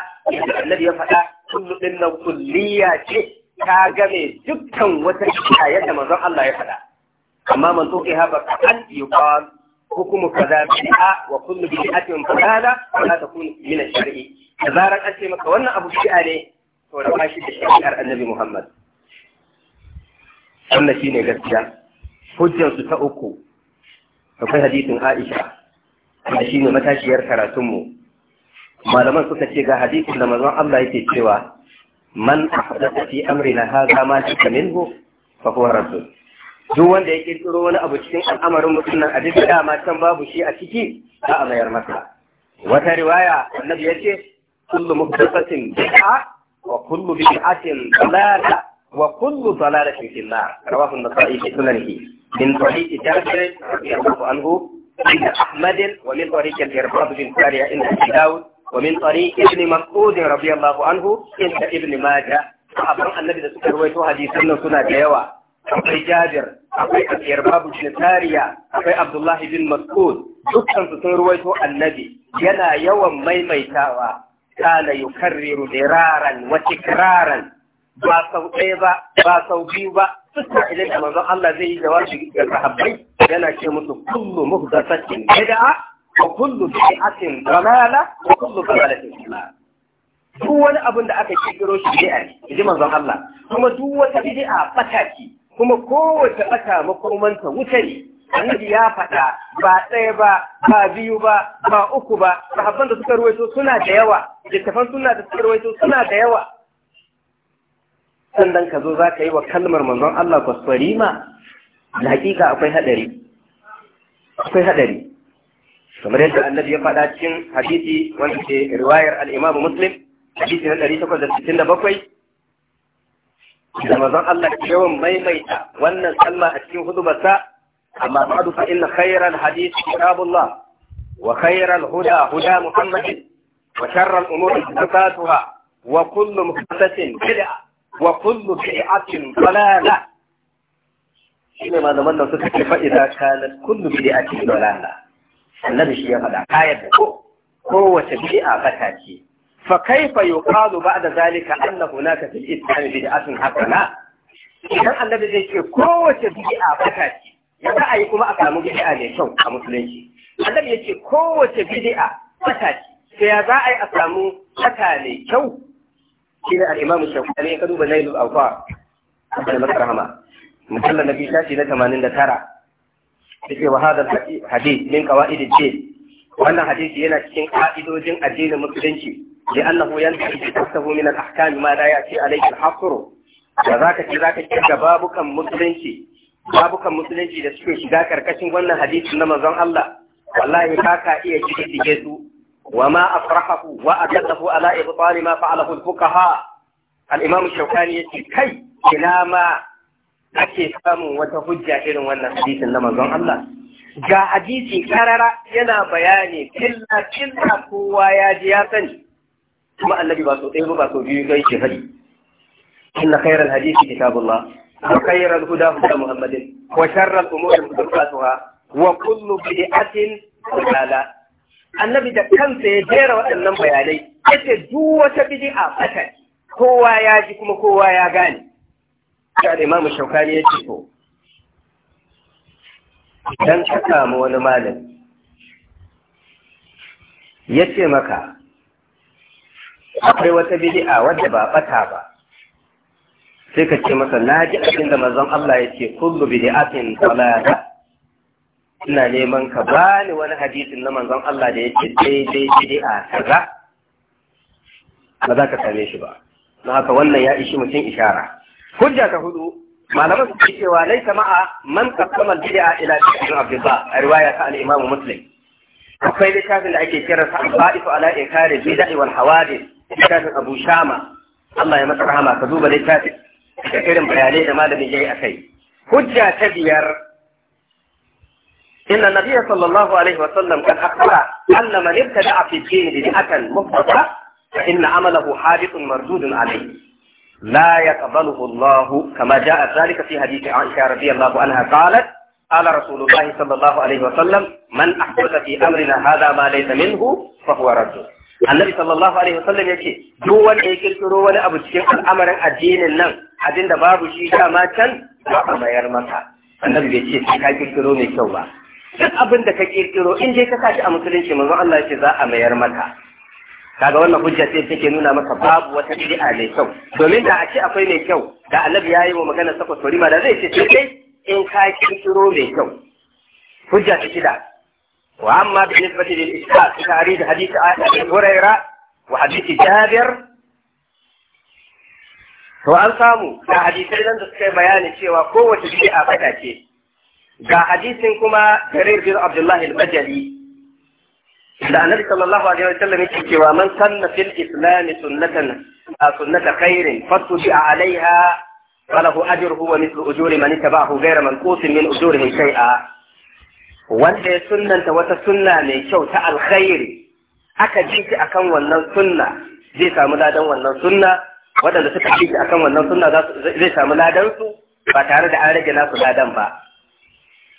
da annabi ya faɗa kullu din kulliya ce ta game dukkan wata shari'a yadda manzon Allah ya faɗa amma man tuqi ha ba an yuqal hukumu kaza bid'a wa kullu bid'atin dalala la takun min ash-shar'i kazaran an ce maka wannan abu bid'a ne to da bashi da shari'ar annabi Muhammad wannan shine gaskiya hujjar su ta uku akwai hadisin Aisha da shi ne matashiyar karatunmu malaman suka ce ga hadisin da manzon Allah yake cewa man ahdatha fi amrina hadha ma shaka minhu fa huwa rasul duk wanda ya kirkiro wani abu cikin al'amarin mutum nan a duk dama can babu shi a ciki za a mayar masa wata riwaya annabi yace kullu muhdathatin bid'a wa kullu bid'atin dalala wa kullu dalalatin fi an-nar rawahu an-nasa'i fi sunanihi min sahih jabir radiyallahu anhu من أحمد ومن طريق الإرباب بن سارية إن داود ومن طريق ابن مسعود رضي الله عنه إن ابن ماجة أبرا النبي صلى الله عليه وسلم حديث سنة سنة جيوة أبي جابر أبي الإرباب بن سارية أبي عبد الله بن مسعود دكتن سنة رويت النبي ينا يوم ما يميتاوا كان يكرر درارا وتكرارا ba sau ɗaya ba, ba sau biyu ba, suka idan da manzon Allah zai yi jawabi ga sahabbai yana ce musu kullu muhdathatin bid'a wa kullu bid'atin dalala wa kullu dalalatin fillah duk wani abin da aka kirkiro shi bid'a ne ji manzon Allah kuma duk wata bid'a bata ce kuma kowace bata makomanta wuta ne annabi ya faɗa ba ɗaya ba ba biyu ba ba uku ba sahabban da suka ruwaito suna da yawa littafan suna da suka ruwaito suna da yawa sannan ka zo za ka yi wa kalmar manzon Allah kwaskwari ma da hakika akwai hadari akwai hadari kamar yadda annabi ya faɗa cikin hadisi wanda ke riwayar al-Imam Muslim hadisi na ɗari 867 da manzon Allah ke yawan maimaita wannan kalma a cikin hudubarsa amma ba'du fa inna khayral hadisi kitabullah wa khayral huda huda Muhammadin wa sharral umuri muhdathatuha wa kullu muhdathatin bid'ah wa kullu bid'atin dalala shine zaman nan suka ce fa idza kanat kullu bid'atin dalala annabi shi ya faɗa kayar da ko kowace bid'a fata ce fa kaifa yuqalu ba'da zalika anna hunaka fil islam bid'atun na? idan annabi zai ce kowace bid'a fata ce ya za a yi kuma a samu bid'a mai kyau a musulunci annabi ya ce kowace bid'a fata ce sai ya za a yi a samu fata mai kyau shi ne al'imam shaukani ya kaduba zai lul alfa da masa rahama musallar nabi shashi na tamanin da tara yake wa hadar hadith min qawaidid din wannan hadisi yana cikin ka'idojin addinin musulunci da annahu yantahi bi tahtahu min al-ahkam ma da ya ya'ti alayhi al-hasr da zaka ci zaka kirga babukan musulunci babukan musulunci da suke shiga karkashin wannan hadisi na manzon Allah wallahi ba ka iya kididdige su وما أفرحه وأدله على إبطال ما فعله الفقهاء الإمام الشوكاني يقول كي إلى ما أكي سامو وتهجى إلى وانا حديث لما زون الله جاء حديثي كرر ينا بياني كلا كلا قوة يا جياسني kuma annabi ba so ɗaya ba so biyu kai ce hadi inna khairal hadisi kitabullah wa khairal huda huda muhammadin wa sharral umuri mudassatuha wa kullu bid'atin dalala annabi da kansa ya jera waɗannan bayanai yace duk wata a fata kowa ya ji kuma kowa ya gane ya da imamu shaukani ya ce ko idan ka samu wani malami ya ce maka akwai wata a wadda ba fata ba sai ka ce masa na ji abin da mazan Allah ya ce kullu bidi'atin dalala ina neman ka bani wani hadisin na manzon Allah da yake daidai a kaza ba za ka same shi ba na haka wannan ya ishi mutum ishara hujja ta hudu malaman su cewa laisa ma'a man qaddama al-bid'a ila ibn abdullah a riwaya ta al-imam muslim akwai littafin da ake kira sa ba'ifu ala inkari bid'a wal hawadith littafin abu shama Allah ya masa rahama ka duba littafin da irin bayanai da malamin yayi akai hujja ta biyar إن النبي صلى الله عليه وسلم قد أخبر أن من ابتدع في الدين بدعة مفرطة فإن عمله حادث مردود عليه لا يقبله الله كما جاء ذلك في حديث عائشة رضي الله عنها قالت قال رسول الله صلى الله عليه وسلم من أحدث في أمرنا هذا ما ليس منه فهو رد annabi sallallahu alaihi wasallam yace duk wanda ya kirkiro wani abu cikin al'amarin addinin nan abin da babu shi dama can ba a mayar masa annabi bai ce ka kirkiro mai kyau ba duk abin da ka kirkiro in dai ka kashi a musulunci manzon Allah ce za a mayar maka kaga wannan hujja ce take nuna maka babu wata bid'a mai kyau domin da a ce akwai mai kyau da ya yi wa magana sako ma da zai ce sai dai in ka kirkiro mai kyau hujja ta shida wa amma bi nisbati lil ishaq arid hadith Abi Hurairah wa hadith Jabir to an samu da hadisai nan da suka bayani cewa kowace bid'a fata ce ga hadisin kuma karir bin Abdullah al-Bajali da annabi sallallahu alaihi wasallam yake cewa man sanna fil islam sunnatan sunnata khairin fatubi alaiha falahu ajruhu wa mithlu ujuri man tabahu ghayra manqusin min ujurihim shay'a wanda ya sunnanta wata sunna mai kyau ta alkhairi aka ji shi akan wannan sunna zai samu ladan wannan sunna waɗanda suka ji shi akan wannan sunna zai samu ladan su ba tare da an rage nasu ladan ba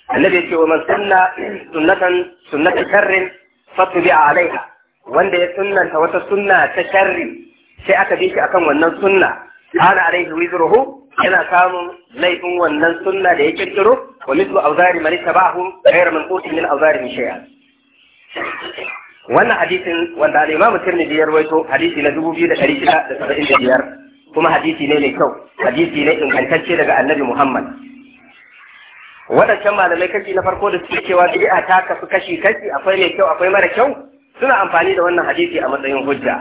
annabi yake wa man sunna sunnatan sunnata sharrin fatubi alaiha wanda ya sunnanta wata sunna ta sharri sai aka bi shi akan wannan sunna kana alaihi wizruhu yana samun laifin wannan sunna da ya kirkiro wa mislu auzari man tabahu ghayra manqutin min auzari min shay'a wannan hadisin wanda al-Imam Tirmidhi ya rawaito hadisi na 2675 kuma hadisi ne mai kyau hadisi ne ingantacce daga Annabi Muhammad waɗancan malamai kashi na farko da suke cewa bid'a ta kasu kashi kashi akwai mai kyau akwai mara kyau suna amfani da wannan hadisi a matsayin hujja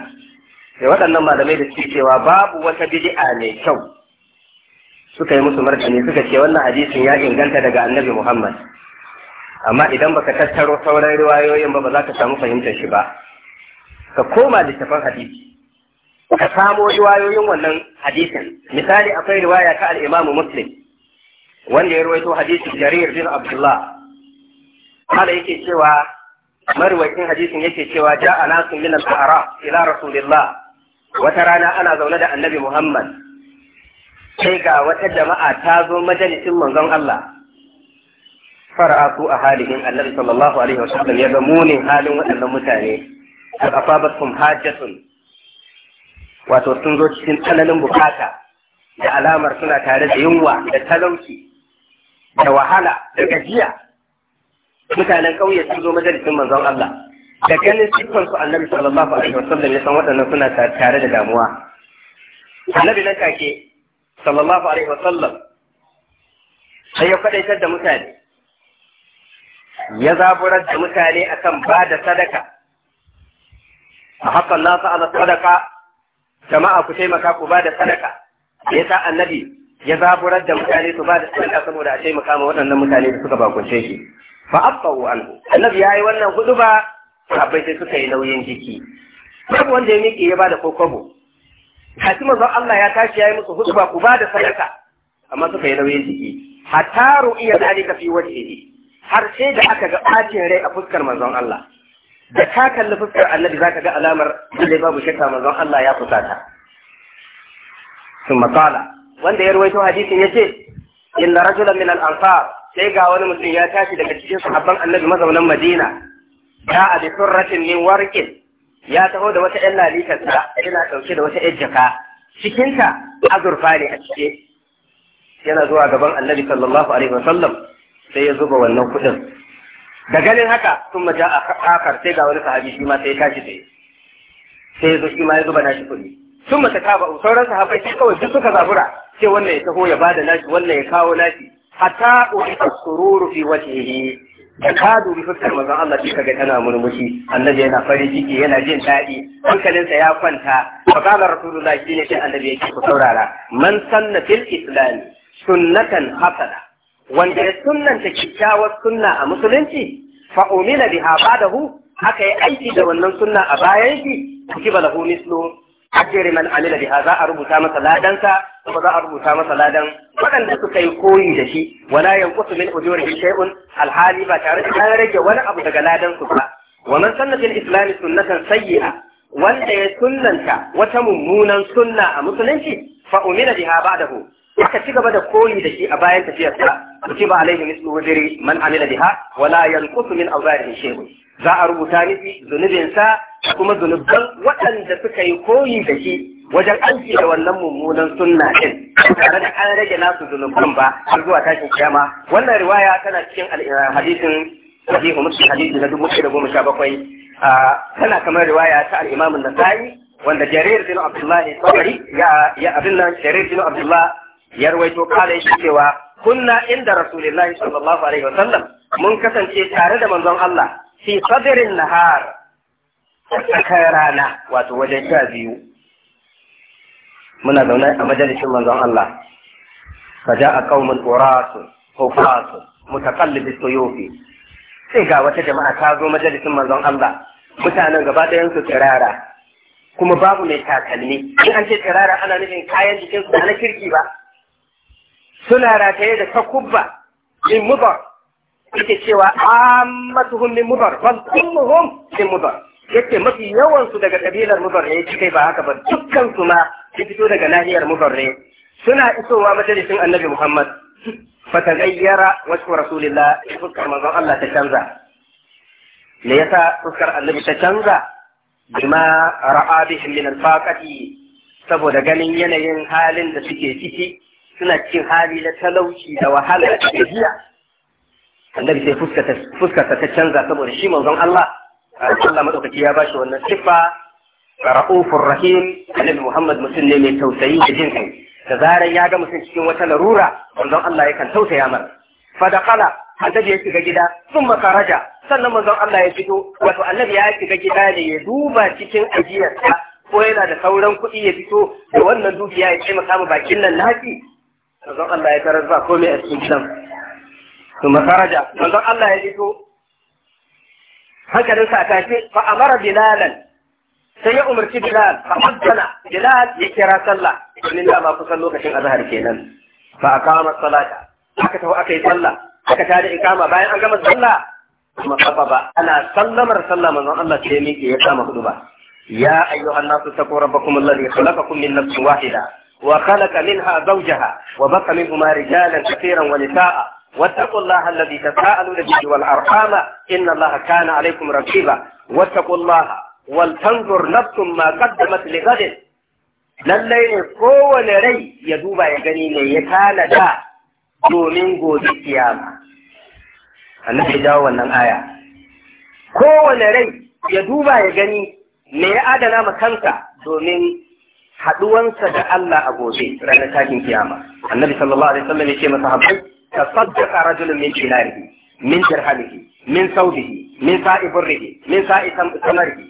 sai waɗannan malamai da suke cewa babu wata bid'a mai kyau suka yi musu martani suka ce wannan hadisin ya inganta daga annabi Muhammad amma idan baka tattaro sauran riwayoyin ba ba za ka samu fahimtar shi ba ka koma littafin hadisi ka samo riwayoyin wannan hadisin misali akwai riwaya ta al-Imam Muslim wanda ya rawaito hadisin jarir bin abdullah kala yake cewa marwakin hadisin yake cewa ja'a nasu min al ila rasulillah wata rana ana zaune da annabi muhammad sai ga wata jama'a ta zo majalisin manzon Allah fara'atu a halihin annabi sallallahu alaihi wa sallam, ya ga munin halin waɗannan mutane kad asabatkum hajjatun wato sun zo cikin tsananin bukata da alamar suna tare da yunwa da talauci da wahala da gajiya mutanen ƙauye sun zo majalisin manzon Allah da ganin siffar su annabi sallallahu alaihi wasallam ya san waɗannan suna tare da damuwa annabi nan kake, sallallahu alaihi wasallam sai ya faɗaitar da mutane ya zaburar da mutane akan ba da sadaka a hakan nasu ala sadaka jama'a ku taimaka ku ba da sadaka ya sa annabi ya zaburar da mutane su ba da sadaka saboda a taimaka ma waɗannan mutane da suka bakunce shi fa abqahu anhu annabi yayi wannan huduba sahabbai sai suka yi nauyin jiki babu wanda ya miƙe ya da kokobo hatima mazan Allah ya tashi yayi musu huduba ku ba da sadaka amma suka yi nauyin jiki hatta ru'iya zalika fi wajhihi har sai da aka ga ɓacin rai a fuskar manzon Allah da ka kalli fuskar annabi zaka ga alamar lalle babu shakka manzon Allah ya fusata ثم قال wanda ya rawaito hadisin yace inna rajulan min al-ansar sai ga wani mutum ya tashi daga cikin sahabban annabi mazaunan madina ya abi surratin min warqin ya taho da wata ƴan lalitar sa yana ɗauke da wata ƴan jaka cikinta azurfa ne a cike yana zuwa gaban annabi sallallahu alaihi wasallam sai ya zuba wannan kuɗin da ganin haka sun maja a kakar sai ga wani sahabi shi ma sai ya tashi tsaye. sai ya zo shi ma ya zuba nashi kuɗi sun mata kaba sauran sahabai sai kawai duk suka zabura sai wannan ya taho ya bada nashi wannan ya kawo nashi hatta ulika sururu fi wajhihi da ka dubi fuskar manzon Allah sai kaga tana murmushi annabi yana farin ciki yana jin daɗi hankalinsa ya kwanta fa qala rasulullahi shine sai annabi yake ku saurara man sanna fil islam sunnatan hasana wanda ya sunnanta kyakkyawar sunna a musulunci fa umila biha ba'dahu aka yi aiki da wannan sunna a bayan shi kiba lahu mislu ajiyar man amila biha za a rubuta masa ladan kuma za a rubuta masa ladan waɗanda suka yi koyi da shi wala yanqutu min ujurihi shay'un alhali ba tare da an rage wani abu daga ladan su ba wa man sanna fil islam sunnatan sayyi'a wanda ya sunnanta wata mummunan sunna a musulunci fa umila biha ba'dahu aka ci gaba da koyi da shi a bayan tafiyarsa kutiba alaihi mislu wajri man amila biha wala yanqutu min awzarihi shay'un za a rubuta nufi zunubinsa kuma zunuban waɗanda suka yi koyi da shi wajen aiki da wannan mummunan sunna din tare da an rage nasu zunuban ba har zuwa tashin kiyama wannan riwaya tana cikin eh, hadisin sahihu muslim hadisi na dubu da goma sha bakwai ah, tana kamar riwaya ta al-imam an-nasa'i wanda jarir bin abdullahi sabari ya ya abin nan jarir bin abdullahi ya rawaito kala shi cewa kunna inda rasulullahi sallallahu alaihi wasallam mun kasance tare da manzon Allah fi har nahar tsakar rana wato wajen sha biyu muna zaune a majalisin manzon Allah faja'a qaumun urasun hufasun mutaqallibi suyufi sai ga wata jama'a ta zo majalisin manzon Allah mutanen gaba ɗayan su tsirara kuma babu mai takalmi in an ce tsirara ana nufin kayan jikin su na kirki ba suna rataye da takubba in mubar yake cewa ammatuhum min mudar wal kulluhum min mudar yake mafi yawansu daga kabilar mudar ne kai ba haka ba Dukkansu su ma su fito daga nahiyar mudar ne suna isowa majalisin annabi Muhammad fatagayyara wasu rasulillah fuskar manzon Allah ta canza me yasa fuskar annabi ta canza bima ra'a bihim min al saboda ganin yanayin halin da suke ciki suna cikin hali na talauci da wahala da gajiya annabi sai fuskarsa ta canza saboda shi manzon Allah Allah madaukaki ya bashi wannan siffa ra'ufur rahim annabi Muhammad mutum ne mai tausayi da jin kai da zarar ya ga mutum cikin wata larura manzon Allah yakan tausaya masa fadakala annabi ya shiga gida sun makaraja sannan manzon Allah ya fito wato annabi ya shiga gida ne ya duba cikin ajiyarsa ko yana da sauran kuɗi ya fito da wannan dukiya ya taimaka mu bakin nan nafi manzon Allah ya tarar ba komai a cikin gidan ثم خرج manzon Allah ya fito hankalin sa tashi fa amara bilalan sai ya umarci bilal fa azzana bilal ya kira sallah domin da ma kusan lokacin azhar kenan fa aqama salata aka tafi aka yi sallah aka tada ikama bayan an gama sallah kuma kafa ba ana sallamar sallah manzon Allah sai miƙe ya kama hudu ba ya ayyuhan nasu taqu rabbakum alladhi khalaqakum min nafsin wahida وخلق منها زوجها وبقى منهما رجالا كثيرا ونساء واتقوا الله الذي تساءلون به والأرحام إن الله كان عليكم رقيبا واتقوا الله ولتنظر نفس ما قدمت لغد lallai ne kowane rai ya duba ya gani ne ya tanada domin gobe kiyama annabi ya jawo wannan aya kowane rai ya duba ya gani me ya adana ma kanta domin haduwansa da Allah a gobe ranar takin kiyama annabi sallallahu alaihi wasallam ya ce masa habbai tasaddaqa rajulun min dinarihi min dirhamihi min saudihi min sa'i burrihi min sa'i samarihi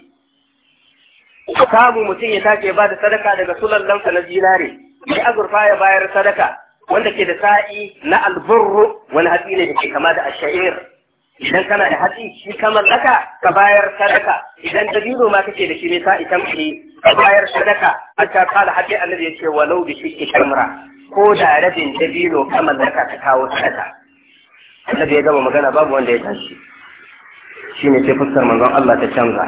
samu mutum ya tashi ba da sadaka daga lamsa na zinare mai azurfa ya bayar sadaka wanda ke da sa'i na alburru wani hatsi ne da ke kama da ashair idan kana da hatsi shi ka mallaka ka bayar sadaka idan da dabino ma kake da shi ne sa'i tamshi ka bayar sadaka hatta kala haddi annabi ya ce walau bi shi kamra ko da rabin dabino ka mallaka ka kawo sadaka annabi bai gama magana babu wanda ya tashi shine sai fuskar manzon Allah ta canza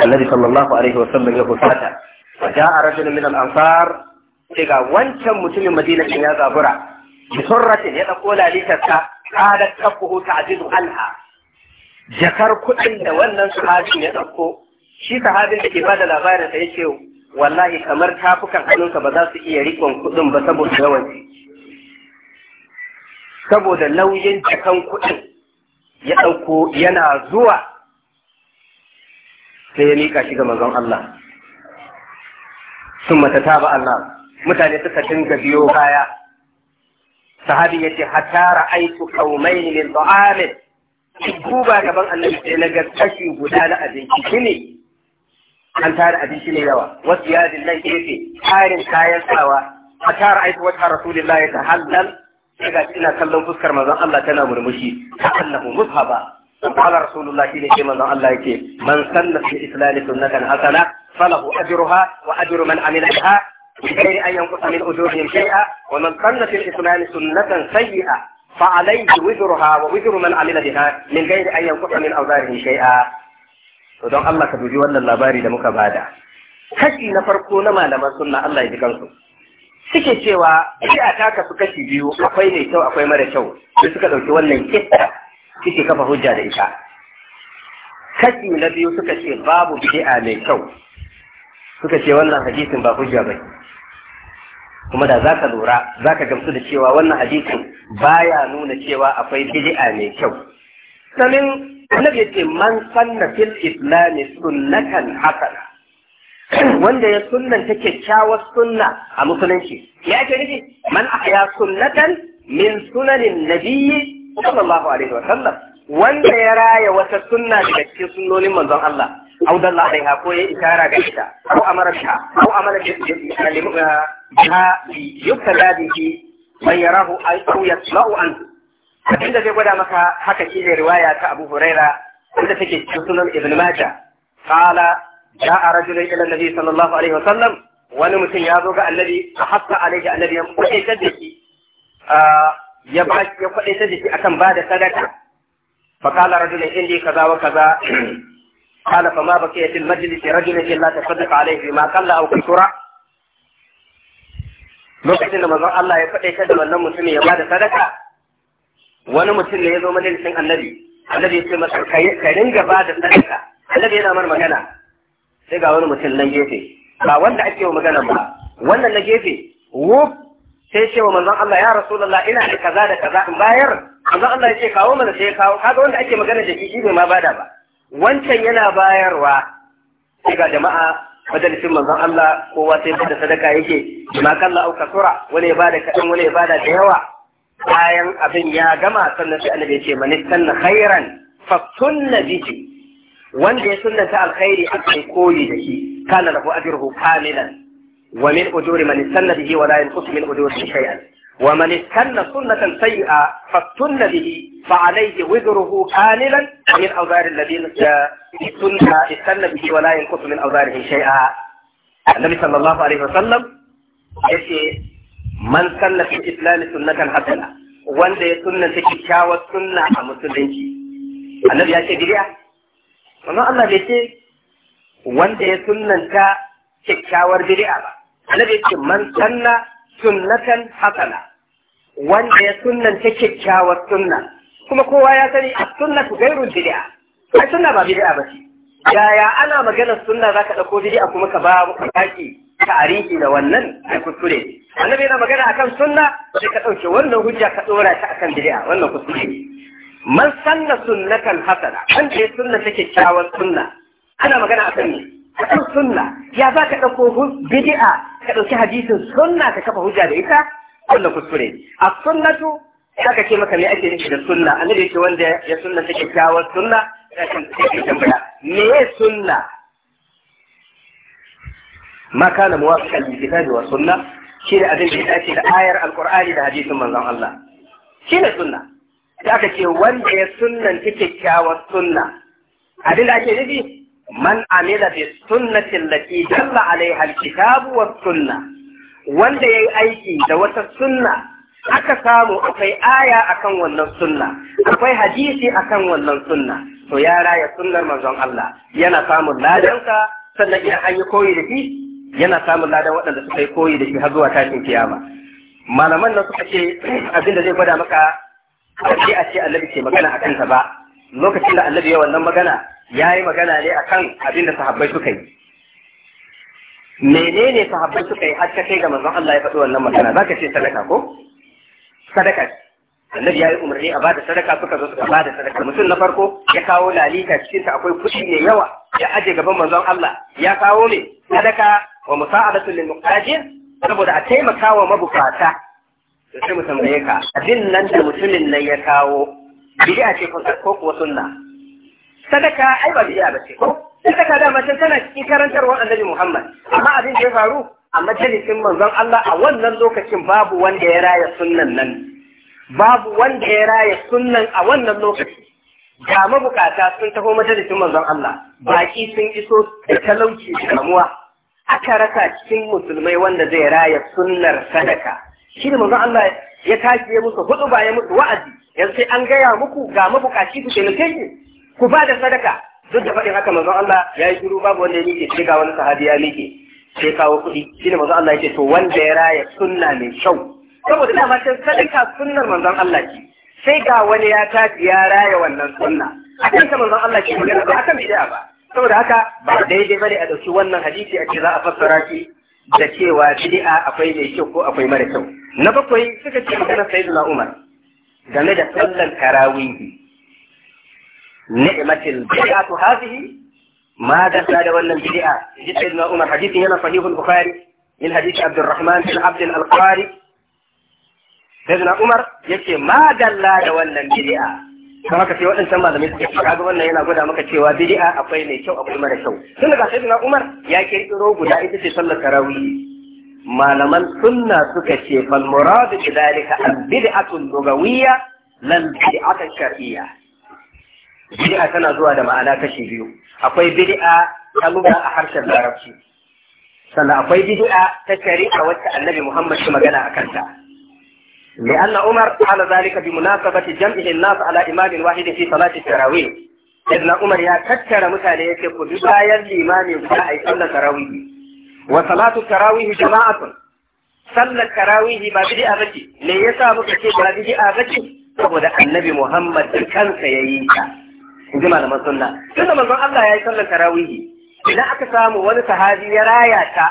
annabi sallallahu alaihi wa sallam ya fusata wa ja'a rajulun min al-ansar sai ga wancan mutumin Madina ya zabura bi surratin ya dauko lalitarsa qadat kafuhu ta'jidu anha jakar kuɗin da wannan sahabin ya dauko shi sahabin da ke bada labarin sa yake wallahi kamar tafukan hannunka ba za su iya rikon kuɗin ba saboda yawan saboda nauyin cikan kuɗin ya ɗauko yana zuwa sai ya miƙa shi ga manzon Allah sun mata ba Allah mutane suka dinga biyo baya sahabi ya ce hatara aitu kaumaini min du'amin ba gaban annabi sai na ga guda na abinci ne an tara abinci mai yawa wasu ya yadin nan gefe tarin kayan tsawa a tara aiki wata rasulullah ya tahallal sai ga ina kallon fuskar manzon Allah tana murmushi ta annahu mushaba qala rasulullah shi ne ke manzon Allah yake man sanna fi islami sunnatan hasana falahu ajruha wa ajru man amila biha بغير أن ينقص wa man شيئا ومن قل في الإسلام سنة سيئة فعليه وزرها ووزر من عمل بها من غير أن ينقص من أوزارهم شيئا to don Allah ka dubi wannan labari da muka bada kashi na farko na malaman sunna Allah ya ji kansu suke cewa a ta kasu kashi biyu akwai mai kyau akwai mara kyau sai suka dauki wannan kitta suke kafa hujja da ita kashi na biyu suka ce babu bid'a mai kyau suka ce wannan hadisin ba hujja bai kuma da zaka lura zaka gamsu da cewa wannan hadisin baya nuna cewa akwai bid'a mai kyau sanin annabi yace man sanna fil islam sunnatan hasana wanda ya sunnanta kyakkyawar sunna a musulunci ya ake nufi man ahya sunnatan min sunanin nabiyyi sallallahu alaihi wa sallam wanda ya raya wata sunna daga cikin sunnonin manzon Allah au dalla alaiha ko ya isara ga ita ko amara biha ko amara biha yuktada bihi man yarahu ay yasma'u anhu abin da zai gwada maka haka shi riwaya ta Abu Huraira wanda take cikin sunan Ibn Majah qala ja'a rajulun ila nabi sallallahu alaihi wasallam wani mutum ya zo ga annabi a hasa alaihi annabi ya kwadaitar da shi ah, ya ba ya kwadaitar da shi akan bada sadaka fa qala rajulun indi kaza wa kaza قال فما بقي في المجلس رجل الا تصدق عليه ma قل او كثر lokacin da manzon Allah ya faɗe da wannan mutum ya bada sadaka wani mutum ne ya zo majalisin annabi annabi ya ce masa ka ringa ba da sadaka annabi yana mar magana sai ga wani mutum nan gefe ba wanda ake wa magana ba wannan na gefe wuf sai ce wa manzon Allah ya rasulullah ina da kaza da kaza in bayar manzon Allah ya ce kawo mana sai kawo kaga wanda ake magana da shi bai ma bada ba wancan yana bayarwa sai ga jama'a majalisin manzon Allah kowa sai bada sadaka yake ma kalla auka kasura wani ya bada kaɗan wani ya bada da yawa bayan abin ya gama sannan sai annabi ya ce man istanna khairan fa sunna bihi wanda ya sunna ta alkhairi a kan koyi da shi kana lahu ajruhu kamilan wa min ujuri man istanna bihi wa la yanqus min ujuri shay'an wa man istanna sunnatan sayyi'a fa sunna bihi fa alayhi wizruhu kamilan min awzari alladhina sunna istanna bihi wa la yanqus min awzarihim shay'a annabi sallallahu alaihi wasallam yace man sanna fi islami sunnatan hasana wanda ya sunna ta kyakkyawar sunna a musulunci annabi ya ce gidiya amma Allah bai ce wanda ya sunnanta kikkiawar bidiya ba annabi ya ce man sanna sunnatan hasana wanda ya sunnanta kyakkyawar sunna kuma kowa ya sani a sunnatu gairun bidiya ai sunna ba bidiya ba ce yaya ana maganar sunna zaka dauko bidiya kuma ka ba ka kaki ta'ariki da wannan ya kuskure annabi yana magana akan sunna sai ka ɗauke wannan hujja ka ɗora ta akan bid'a wannan kuskure man sanna sunnatan hasana an ce sunna take kyawar sunna ana magana akan ne akan sunna ya za ka ɗauko bid'a ka ɗauki hadisin sunna ka kafa hujja da ita wannan kuskure a sunnatu ka ce maka me ake nufi da sunna annabi yake wanda ya sunna take kyawar sunna sai ka tambaya me sunna ma kana muwafiqan lil kitabi wa sunna shi da abin da ya dace da da hadisin manzon Allah shi ne da aka ce wanda ya sunnanta kyakkyawar sunna abin da ake nufi man amila bi sunnati allati dalla alaiha alkitabu was sunna wanda yayi aiki da wata sunna aka samu akwai aya akan wannan sunna akwai hadisi akan wannan sunna to ya raya sunnar manzon Allah yana samun ladansa sannan idan an yi koyi da shi yana samun ladan waɗanda suka yi koyi da shi har zuwa tashin kiyama malaman nan suka ce [clears throat] abinda zai gwada maka kashi a ce annabi ke magana a kanta ba lokacin da annabi ya wannan magana ya yi magana ne akan abinda sahabbai suka yi menene sahabbai suka yi har ta kai ga manzon Allah ya faɗi wannan magana za ka ce sadaka ko sadaka annabi ya yi umarni a bada sadaka suka zo suka bada sadaka mutum na farko ya kawo lalita cikin ta akwai kuɗi mai yawa ya aje gaban manzon Allah ya kawo ne sadaka wa musa'adatu lil muqtajir saboda a taimaka wa mabukata da sai mu ka abin nan da mutumin nan ya kawo a ce ko kuwa sunna sadaka ai ba bid'a ba ce ko sadaka da mace tana cikin karantarwar annabi Muhammad amma abin da ya faru a majalisin manzon Allah a wannan lokacin babu wanda ya raya sunnan nan babu wanda ya raya sunnan a wannan lokaci ga mabukata sun taho majalisin manzon Allah baki sun iso da talauci da damuwa aka rasa cikin musulmai wanda zai raya sunnar sadaka shi ne manzon Allah ya tashi ya musu hudu ba ya musu wa'azi yanzu sai an gaya muku ga mabukaci ku taimake shi ku ba da sadaka duk da faɗin haka manzon Allah ya yi shiru babu wanda ya miƙe sai ga wani sahabi ya miƙe sai kawo kuɗi shi ne manzon Allah ya ce to wanda ya raya sunna mai kyau saboda dama can sadaka sunnar manzon Allah ce sai ga wani ya tashi ya raya wannan sunna akan ta manzon Allah ke magana ba akan bid'a ba saboda haka ba daidai bane a ɗauki wannan hadisi a ce za a fassara shi da cewa bid'a akwai mai kyau ko akwai mara kyau na bakwai suka ce magana sayyidina Umar game da sallan tarawihi ni'matil bid'atu hadhihi ma da da wannan bid'a ji sayyidina Umar hadisi yana sahihul bukhari min hadisi Abdurrahman bin Abd al-Qari sayyidina Umar yace ma dalla da wannan bid'a don haka sai waɗancan malamai suka ce kaga wannan yana gwada maka cewa bid'a akwai mai kyau akwai mara kyau tun daga sayyidina Umar ya kirkiro guda ita ce sallar tarawih malaman sunna suka ce fal murad bi dalika al bid'atu lugawiyya lal bid'atu shar'iyya bid'a tana zuwa da ma'ana kashi biyu akwai bid'a ta lugha a harshen larabci sannan akwai bid'a ta shari'a wacce annabi Muhammad ya magana akan ta لأن عمر فعل ذلك بمناسبة جمع الناس على إمام واحد في صلاة التراويح إذن عمر يا كتر متى يكتب ببايا الإمام أي صلى التراويح وصلاة التراويح جماعة صلى التراويح ما بدي أبتي ليسا مكتب ما بدي أبتي saboda النبي محمد كان kansa ya ما ta صلى ji malaman sunna tun da manzon Allah ya yi sallar tarawihi idan aka samu wani sahabi ya raya ta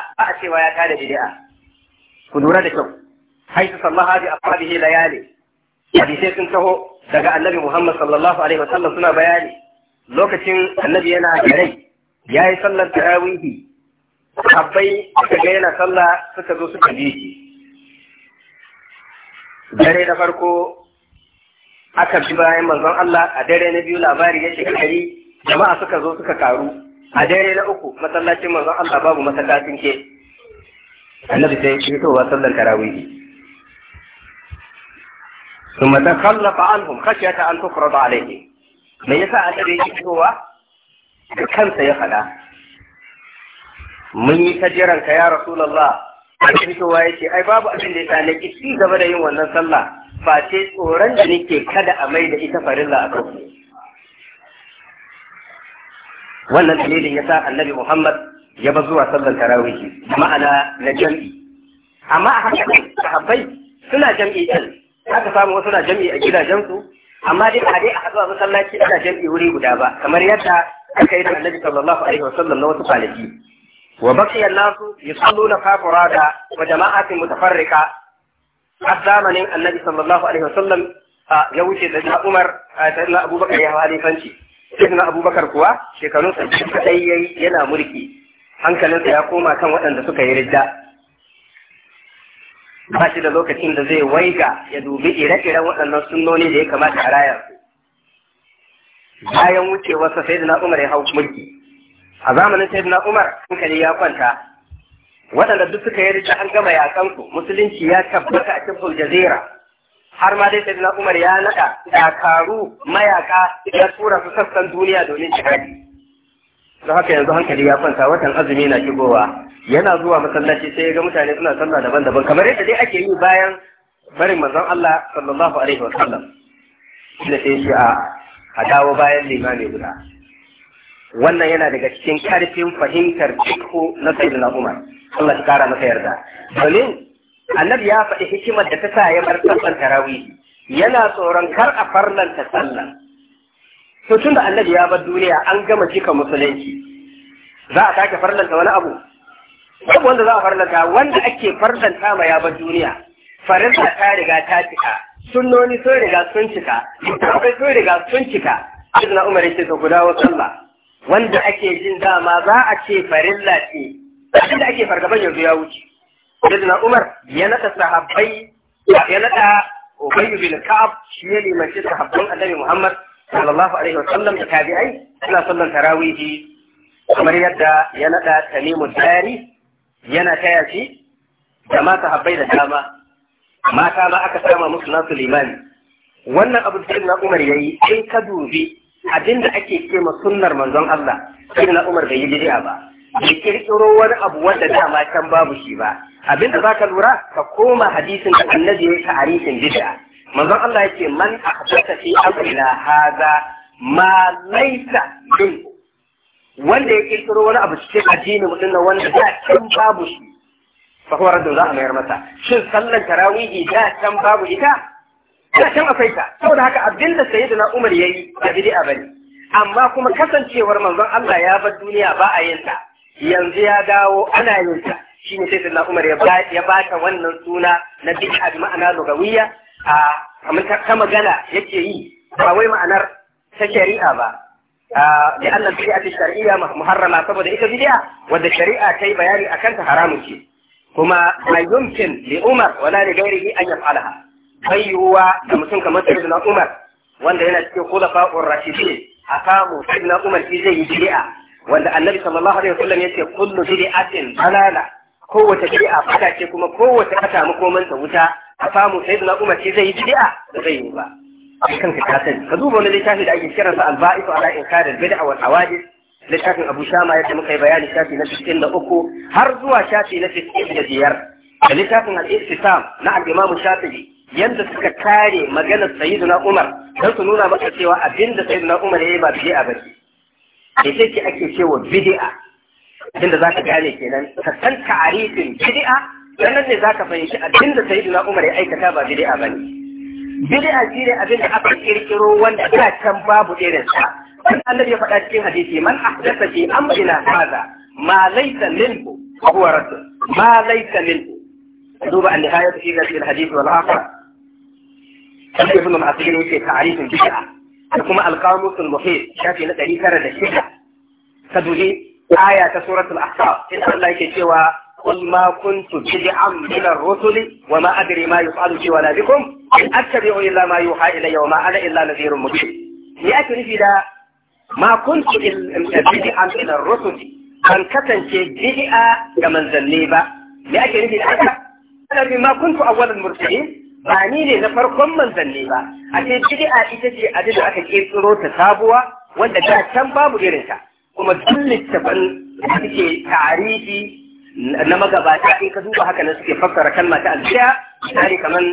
haitu sallaha bi ashabihi layali hadisai sun taho daga annabi Muhammad sallallahu alaihi wasallam suna bayani lokacin annabi yana da rai yayi sallar tarawihi habbai suka ga yana sallah suka zo suka bi shi dare da farko aka bi bayan manzon Allah a dare na biyu labari ya shiga gari jama'a suka zo suka karu a dare na uku masallacin manzon Allah babu masallacin ke annabi sai ya fitowa sallar tarawihi ثم تخلق عنهم خشية أن تفرض عليه me yasa annabi yake fitowa da kansa ya faɗa mun yi ta jiran ka ya rasulullah yake fitowa yake ai babu abinda da yasa nake ci gaba da yin wannan sallah ba tsoron da ke kada a mai da ita farilla a kanku wannan dalilin annabi muhammad ya ba zuwa sallar tarawih ma'ana na amma a suna jam'i aka samu wasu na jam'i a gidajensu amma dai ba dai a zuwa masallaci ana jam'i wuri guda ba kamar yadda aka yi da annabi sallallahu alaihi wasallam na wasu kwanaki wa baqiya an-nasu yusalluna fa wa jama'atin mutafarriqa a zamanin annabi sallallahu alaihi wasallam ya wuce da na Umar da Abubakar ya halifanci sai na Abubakar kuwa shekarunsa kadai yayi yana mulki hankalinsa ya koma kan waɗanda suka yi ridda ba shi da lokacin da zai waiga ya dubi ire-iren waɗannan sunnoni da ya kamata a rayar bayan wucewarsa sai da umar ya hau mulki a zamanin sai da umar hankali ya kwanta waɗanda duk suka yi an gama yakansu musulunci ya tabbata a cikin jazira har ma dai sai da umar ya naɗa dakaru mayaka ya tura su sassan duniya domin jihadi don haka yanzu hankali ya kwanta watan azumi na shigowa yana zuwa masallaci sai ya ga mutane suna sallah daban-daban kamar yadda dai ake yi bayan barin manzon Allah sallallahu alaihi wa sallam da sai shi a hadawa bayan limami guda wannan yana daga cikin karfin fahimtar fiqh na sayyidina Umar Allah ya kara masa yarda domin annabi ya faɗi hikimar da ta sa ya bar sallar tarawih yana tsoron kar a farlanta sallah to tun da annabi ya bar duniya an gama cika musulunci za a sake farlanta wani abu abu wanda za a farlanta wanda ake farlanta ma ya bar duniya farinta ta riga ta cika sunnoni sun riga sun cika littafai sun riga sun cika Abdullahi Umar yake ka guda wasu Allah, wanda ake jin dama za a ce farilla ce abin da ake fargaban yanzu ya wuce Abdullahi Umar ya nada sahabbai ya nada Ubay bin Ka'ab shi ne limanci sahabban Annabi Muhammad sallallahu alaihi wasallam da tabi'ai suna sallan tarawihi kamar yadda ya nada tamimu dari yana taya shi da mata habbai da dama mata ma aka sama musu nasu limani wannan abu da na umar yayi in ka dubi abinda ake kema ma sunnar manzon Allah sai na umar bai yi bid'a ba bai kirkiro wani abu wanda dama can babu shi ba abinda zaka lura ka koma hadisin da annabi ya yi ta'arifin bid'a manzon Allah yake man ahdatha fi amrina hadha ma min wanda ya kirkiro wani abu cikin addinin mutum na wanda da can babu shi fa huwa radda za a mayar masa shin sallan tarawihi da can babu ita da can akwai ta saboda haka abinda sayyidina Umar yayi ba bid'a bane amma kuma kasancewar manzon Allah ya bar duniya ba a yin ta yanzu ya dawo ana yin ta shine sai sayyidina Umar ya ba ta wannan suna na bid'a bi ma'ana lugawiyya a ta magana yake yi ba wai ma'anar ta shari'a ba da Allah shari'a ta shari'a muharrama saboda ita bid'a wanda shari'a ta yi bayani a kanta haramun ce kuma la yumkin li Umar wala li ghairihi an yaf'alaha bai yiwuwa da mutum kamar Sayyidina Umar wanda yana cikin khulafa'ur rashidin a samu Sayyidina Umar shi zai yi bid'a wanda Annabi sallallahu alaihi wasallam yace kullu bid'atin dalala kowace bid'a fada ce kuma kowace ta samu komanta wuta a samu sai na umar ce zai yi bid'a da zai yi ba a kanka ka sani ka duba wani littafi da ake kiransa al-ba'isu ala inkarin bid'a wal hawadith littafin Abu Shama yadda muka yi bayani shafi na 63 har zuwa shafi na 65 da littafin al-Istisam na al-Imam Shafi'i yadda suka kare maganar Sayyidina Umar don su nuna maka cewa abinda Sayyidina Umar yayi ba bid'a ba ce sai ake cewa bid'a abinda zaka gane kenan ka san ta'arifin bid'a nan ne zaka fahimci abin da sayyidina Umar ya aikata ba bid'a bane bid'a shi ne abin da aka kirkiro wanda ya can babu irin sa kan annabi ya faɗa cikin hadisi man ahdatha fi amrina hadha ma laysa minhu huwa radd ma laysa minhu duba an nihayatu fi hadhihi alhadith wal akhar kan ibn al-asir yake ta'rifin bid'a da kuma al-qamus al shafi na 906 ka duhi aya ta suratul ahqaf in Allah yake cewa قل ما كنت بدعا من الرسل وما ادري ما يفعل بي ولا بكم ان اتبع الا ما يوحى الي وما انا الا نذير مبين ni ake nufi da ma kuntu bidi an ila rusuli an kasance bidi a ga manzanni ba ni ake nufi da haka ana bi ma kuntu awwalul mursalin ba ni ne na farkon manzanni ba a ce a ita ce a da aka ke tsiro sabuwa wanda da babu irin ta kuma duk littafin da suke tarihi na magabata in ka duba haka nan suke fassara kalma ta albid'a misali kaman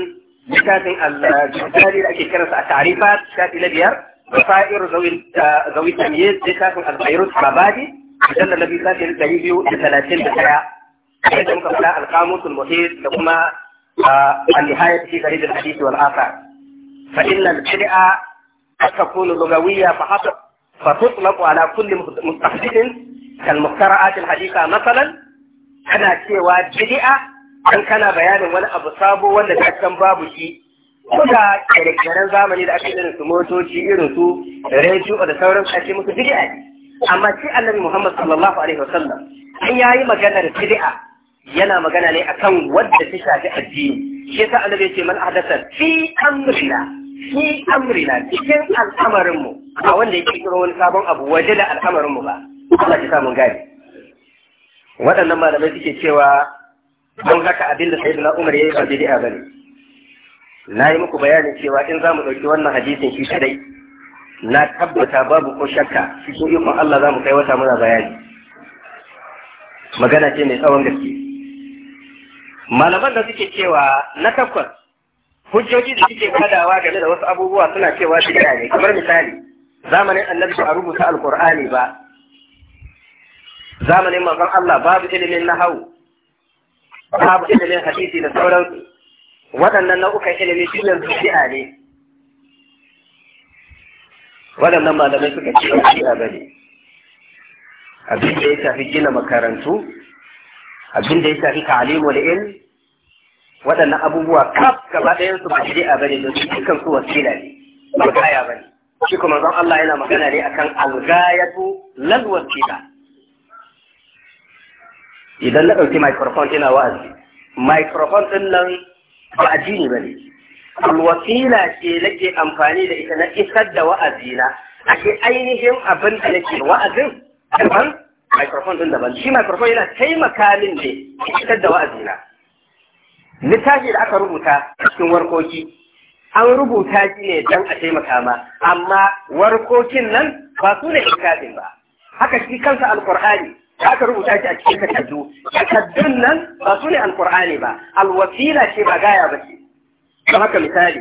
littafin al-jazari da ake kiransa a ta'rifat shafi na biyar wasa'ir zawi tamyiz littafin al-bayrut mabadi mujallal na biyu shafi na ɗari biyu da talatin da ɗaya yadda muka faɗa al-qamus al-muhit da kuma an-nihayat fi gharib al-hadith wal athar fa inna al-bid'a قد تكون لغوية فحسب فتطلق على كل مستحدث كالمخترعات الحديثة مثلا kana cewa bid'a an kana bayanin wani abu sabo wanda ta san babu shi ko da zamani da aka irin su motoci irin su rediyo da sauran su ake musu bid'a amma shi annabi Muhammad sallallahu alaihi wasallam an yayi maganar bid'a yana magana ne akan wanda ta shafi addini shi yasa annabi ya ce man ahdatha fi amrina fi amrina cikin al'amarin mu wanda ya kirkiro wani sabon abu waje da al'amarin mu ba Allah ya sa mun waɗannan malamai suke cewa don haka abin da sai na umar ya yi ba a ba ne na yi muku bayanin cewa in za mu ɗauki wannan hadisin shi kadai na tabbata babu ko shakka cikin ikon Allah za mu kai wata muna bayani magana ce mai tsawon gaske malaman da suke cewa na takwas hujjoji da suke kadawa game da wasu abubuwa suna cewa shi ne kamar misali zamanin annabi ba a rubuta alkur'ani ba zamanin manzon Allah babu ilimin nahawu babu ilimin hadisi da sauran, waɗannan nau'ukan ilimi shi yanzu shi'a ne waɗannan malamai suka ce shi'a ba ne abin da ya shafi gina makarantu abin da ya shafi da ilm waɗannan abubuwa kaf gaba ɗayan su ba shi'a ba ne don su dukkan su wasila ne ba kaya ba ne shi kuma zan Allah yana magana ne akan algayatu lal wasila idan na ɗauki microphone ina wa'azi microphone ɗin nan ba addini ba ne alwasila ce nake amfani da ita na isar da wa'azina ke ainihin abin da nake wa'azin daban microphone ɗin daban shi microphone yana taimaka min ne isar da wa'azina littafi da aka rubuta cikin warkoki an rubuta shi ne don a taimaka ma amma warkokin nan ba su ne ba haka shi kansa alkur'ani aka rubuta shi a cikin takardu takardun nan ba su ne alkur'ani ba alwasila ce ba gaya ba ce don haka misali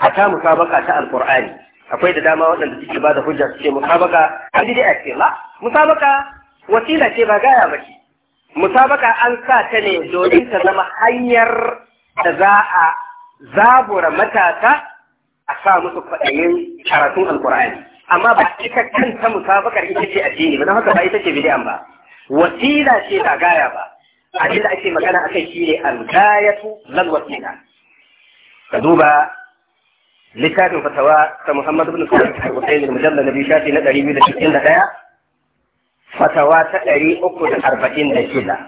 a ta musabaka ta alkur'ani akwai da dama waɗanda suke ba da hujja su ce musabaka an dai a ce la musabaka wasila ce ba gaya ba ce musabaka an sa ta ne domin ta zama hanyar da za a zabura matasa a sa musu kwaɗayin karatun alkur'ani amma ba ita kanta musabakar ita ce addini ba don haka ba ita ce bidiyan ba wasila ce ba gaya ba abin da ake magana akai shine al-gayatu lal wasila ka duba littafin fatawa ta Muhammad ibn Sulaiman al-Husayn al-Mujalla na biyu shafi na 261 fatawa ta 346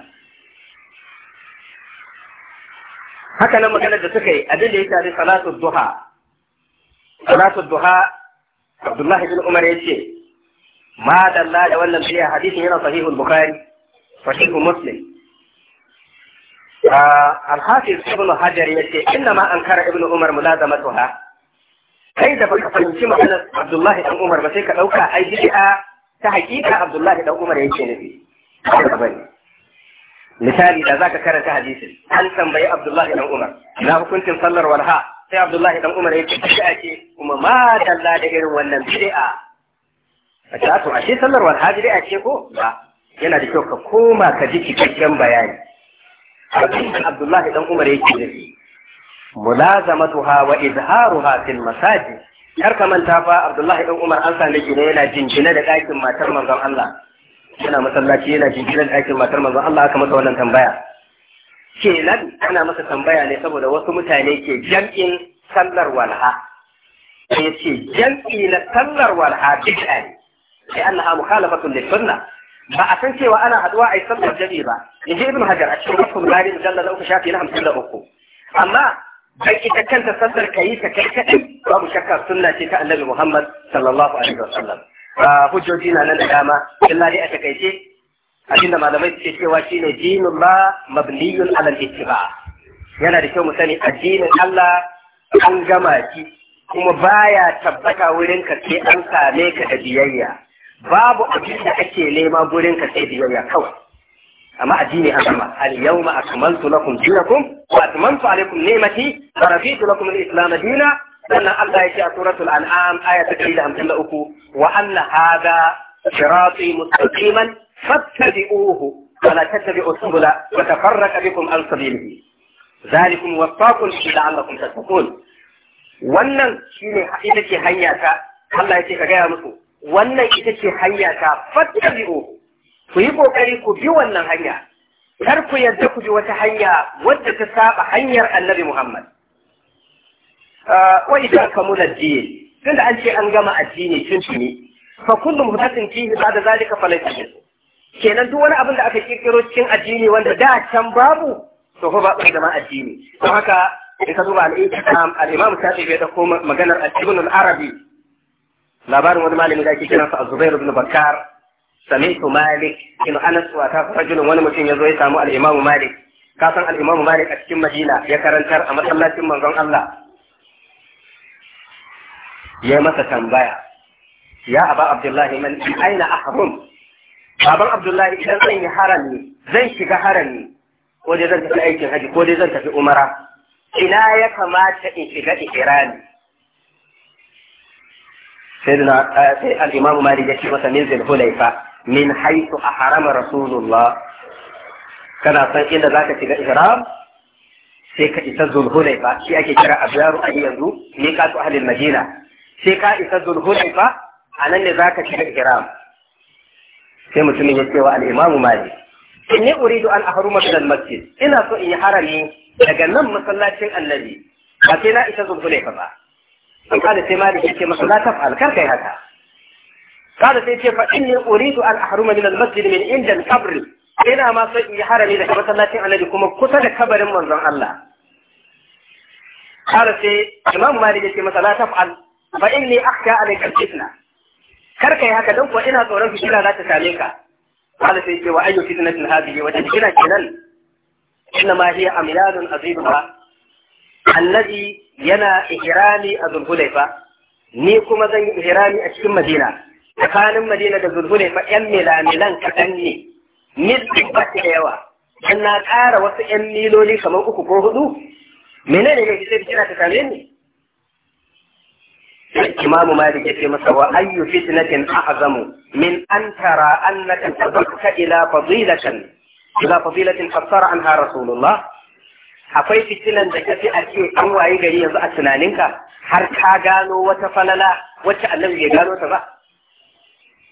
haka nan maganar da suka yi abin da ya shafi salatu duha salatu duha Abdullahi bin Umar ya ce, ma dalla da wannan biya hadisin yana sahihul Bukhari, sahihul Muslim. Ah, Al-Hafiz Ibn Hajar ya ce, inna ma an kara Ibn Umar mulazamatuha. Kai da baka fahimci maganar Abdullahi dan Umar ba sai ka ɗauka ai bid'a ta hakika Abdullahi dan Umar yake nufi. Misali da zaka karanta hadisin, an tambayi Abdullahi dan Umar, na hukuncin sallar walha sai abdullahi dan umar ya ce a ce, kuma ma dalla da irin wannan bid'a a ce to a ce sallar walha a ce ko ba yana da kyau ka koma ka ji cikakken bayani abin da abdullahi dan umar yake nufi mulazamatuha wa izharuha fil masajid kar ka manta fa abdullahi dan umar an same shi ne yana jinjina da ɗakin matar manzon Allah yana masallaci yana jinjina da ɗakin matar manzon Allah aka masa wannan tambaya kenan ana masa tambaya ne saboda wasu mutane ke jam'in sallar walha ya ce jam'i na sallar walha bid'a ne sai annaha mukhalafatun lis sunna ba a san cewa ana haduwa ai sallar jami'i ba in ji ibn hajar a cikin wasu gari mujallal uku shafi na hamsin da uku amma dan ita kanta sallar kayi ta kai kadai babu shakka sunna ce ta annabi muhammad sallallahu alaihi wasallam hujjoji na nan da dama illa dai a takaice abinda malamai suke cewa shine dinin ma mabniyun alal ittiba yana da kyau mu sani addinin Allah an gama shi kuma baya tabbata wurin ka sai an same ka da biyayya babu abin da ake nema gurin ka sai biyayya kawai amma addini an gama al yawma akmaltu lakum dinakum wa atmamtu alaykum ni'mati wa raditu lakum al islam dina sannan Allah ya ce a suratul an'am aya ta 153 wa anna hadha sirati mustaqiman فاتبعوه ولا تتبعوا السبل وتفرق بكم عن سبيله ذلكم وصاكم به لعلكم تتقون wannan shine ita ce hanya ta Allah yake ka gaya musu wannan ita ce hanya ta fattabi'u ku yi kokari ku bi wannan hanya kar ku yadda ku bi wata hanya wadda ta saba hanyar Annabi Muhammad wa idan kamula din tunda an ce an gama addini tun tuni fa kullu muhdathin fihi ba'da zalika falaysa kenan duk wani abin da aka kirkiro cikin addini wanda da can babu to fa ba zama addini don haka in ka duba al-Imam al-Imam maganar al-Ibn al-Arabi labarin wani malami da ake kiransa Az-Zubair ibn Bakkar sami'tu Malik in Anas wa ta rajulun wani mutum yazo ya samu al-Imam Malik ka san al-Imam Malik a cikin Madina ya karantar a masallacin manzon Allah ya masa tambaya ya aba abdullahi man aina ahrum baban abdullahi idan zan yi haram ne zan shiga haram ne ko dai zan tafi aikin haji ko dai zan tafi umara ina ya kamata in shiga ihrami سيدنا الإمام مالك يشي من ذي الحليفة من حيث أحرم رسول الله كان أصلا إلا ذاك في الإحرام سيكا إسد الحليفة سيكا إسد أبيار أي يزو ميكات أهل المدينة سيكا إسد الحليفة أنني ذاك في الإحرام sai mutumin ya ce wa al-imam malik inni uridu an ahruma min al-masjid ina so in yi harami daga nan masallacin annabi ba sai na isa zulhulaifa ba an kada sai malik ya ce masa la taf'al kar kai haka kada sai ce fa inni uridu an ahruma min al-masjid min inda al-qabr ina ma so in yi harami daga masallacin annabi kuma kusa da kabarin manzon Allah kada sai imam malik ya ce masa la fa inni akhsha alayka al-fitna kar yi haka don kuwa ina tsoron fitina za ta same ka qala sai ce wa ayyu fitnatin hadhihi wa tajina kenan inna ma hiya amyadun azimha allazi yana ihrami a zulhulaifa ni kuma zan yi ihrami a cikin madina tsakanin madina da zulhulaifa yan milamilan kaɗan ne mil ba da yawa dan na ƙara wasu yan miloli kamar uku ko hudu menene ne zai fitina ta same ni imamu malik yace masa wa ayyu fitnatin ahzamu min an tara annaka tadakka ila fadilatan ila fadilatin fassara anha rasulullah akwai fitinan da kafi a ce an wayi gari yanzu a tunaninka har ka gano wata falala wacce annabi bai gano ta ba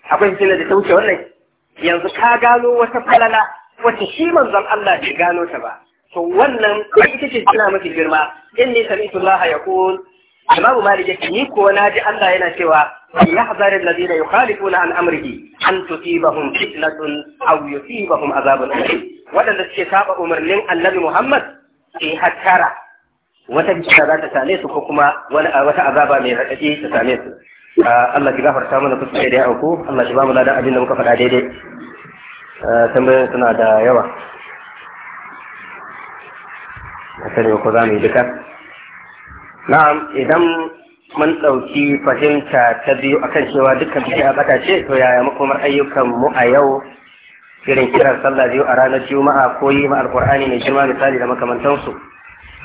akwai fitinan da ta wuce wannan yanzu ka gano wata falala wacce shi manzon Allah bai gano ta ba to wannan ita ce mafi girma inni sami'tu Imam malik yake ni ko na ji Allah yana cewa yahzaru ladina yukhalifuna an amrihi an tusibahum fitnatun aw yusibahum azabun alim wadanda suke saba umarnin annabi Muhammad sai hattara wata bisa za ta same su ko kuma wata azaba mai raɗaɗi ta same su ah, Allah ki gafarta mana kusa da ya ku, Allah ki ba mu da abin da muka faɗa daidai ah, tambayoyin suna da yawa a ko za mu yi duka na'am idan mun ɗauki fahimta ta biyu akan cewa dukkan bid'a bata ce to yaya makomar ayyukan mu a yau irin kirar sallah biyu a ranar juma'a ko yi ma alqur'ani mai girma misali da makamantansu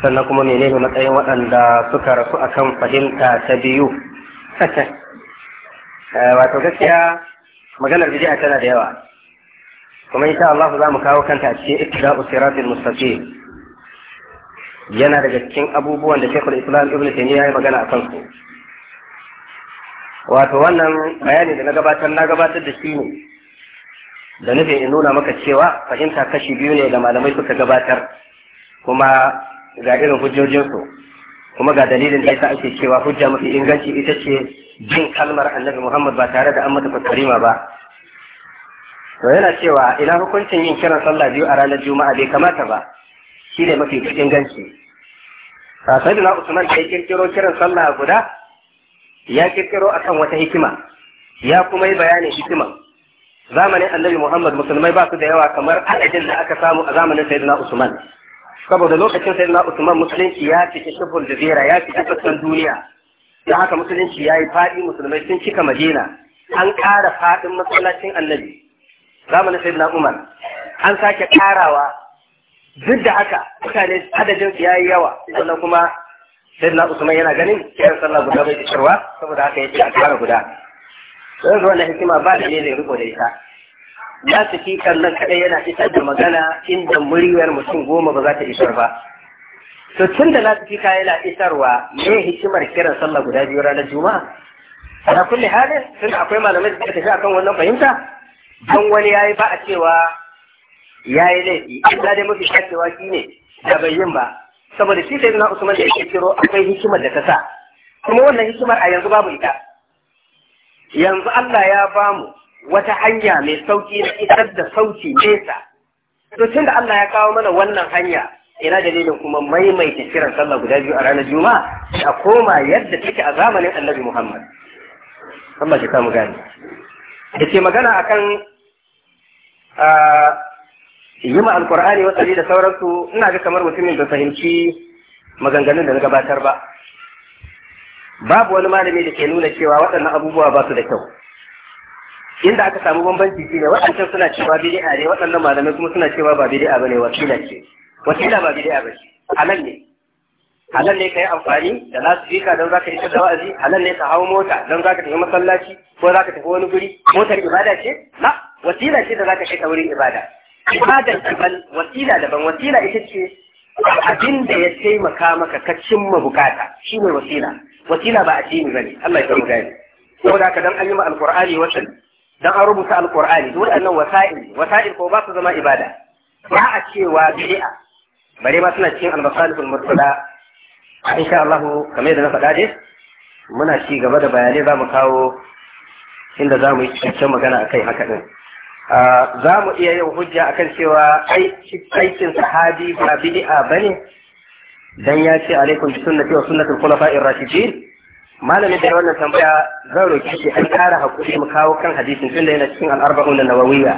sannan kuma menene matsayin waɗanda suka rasu akan fahimta ta biyu [laughs] eh, wato gaskiya maganar bid'a tana da yawa kuma insha Allah za mu kawo kanta a cikin ittiba'u siratil mustaqim yana daga cikin abubuwan da shekul islam ibn taymiya ya magana a kansu wato wannan bayani da na gabatar na gabatar da shi ne da nufin in nuna maka cewa fahimta kashi biyu ne da malamai suka gabatar kuma ga irin hujjojinsu kuma ga dalilin da yasa ake cewa hujja mafi inganci ita ce jin kalmar annabi muhammad ba tare da an mata ba to yana cewa ina hukuncin yin kiran sallah biyu a ranar juma'a bai kamata ba shi ne mafi inganci sai Usman da ya kirkiro kiran sallah guda ya kirkiro kan wata hikima ya kuma yi bayanin hikima zamanin annabi Muhammad musulmai ba su da yawa kamar adadin da aka samu a zamanin sayyidina Usman saboda lokacin sayyidina Usman musulunci ya cike shubul jazira ya cike kasan duniya da haka musulunci yayi yi faɗi musulmai sun cika madina an ƙara faɗin masallacin annabi zamanin sayyidina Umar an sake ƙarawa duk da haka mutane adadin su yayi yawa sannan kuma na Usman yana ganin kiran sallah guda bai isarwa saboda haka yace a kara guda yanzu wani hikima ba da ne riko da ita ya tafi kallon kaɗai yana isar da magana inda muryar mutum goma ba za ta isar ba to tun da lasifika yana isarwa me hikimar kiran sallah guda biyu ranar juma'a ana kulli halin tun akwai malamai da suka tafi akan wannan fahimta don wani yayi ba a cewa ya yi laifi illa dai mafi kacewa shi ne da bai yin ba saboda shi sai na usman da yake kiro akwai hikimar da ta sa kuma wannan hikimar a yanzu babu ita yanzu Allah ya bamu wata hanya mai sauki na isar da sauki nesa to tun da Allah ya kawo mana wannan hanya ina dalilin kuma maimaita kiran sallah guda biyu a ranar juma'a a koma yadda take a zamanin annabi muhammad Allah shi kamu gani da ke magana akan ah, yi ma alkur'ani watsari da sauransu ina ga kamar mutumin da fahimci maganganun da na gabatar ba babu wani malami da ke nuna cewa waɗannan abubuwa ba su da kyau inda aka samu bambanci shine waɗancan suna cewa bid'a ne waɗannan malamai kuma suna cewa ba bid'a bane wasila ce wasila ba bid'a bace halal ne halal ne ka yi amfani da nasu jika don zaka isar da wa'azi halal ne ka hau mota don zaka tafi masallaci ko zaka tafi wani guri motar ibada ce na wasila ce da zaka kai ta wurin ibada ibadar daban wasila daban wasila ita ce abin da ya taimaka maka ka cimma bukata shi ne wasila wasila ba a ci ni bane Allah ya samu gani saboda haka dan an alqur'ani wasan dan an rubuta alqur'ani duk wannan wasa'il wasa'il ko ba su zama ibada ba a cewa bid'a bare ma suna cikin al-masalihul mursala insha Allah kamar da na faɗa dai muna ci gaba da bayanai za mu kawo inda za mu yi cikakken magana akai haka din Ah, za mu iya yin hujja akan cewa aikin sahabi ba bid'a bane dan ya ce alaikum bi sunnati wa sunnatul khulafa'ir rashidin malamin da wannan tambaya zan roki shi an kara hakuri mu kawo kan hadisin tunda yana cikin al-arba'un an-nawawiyya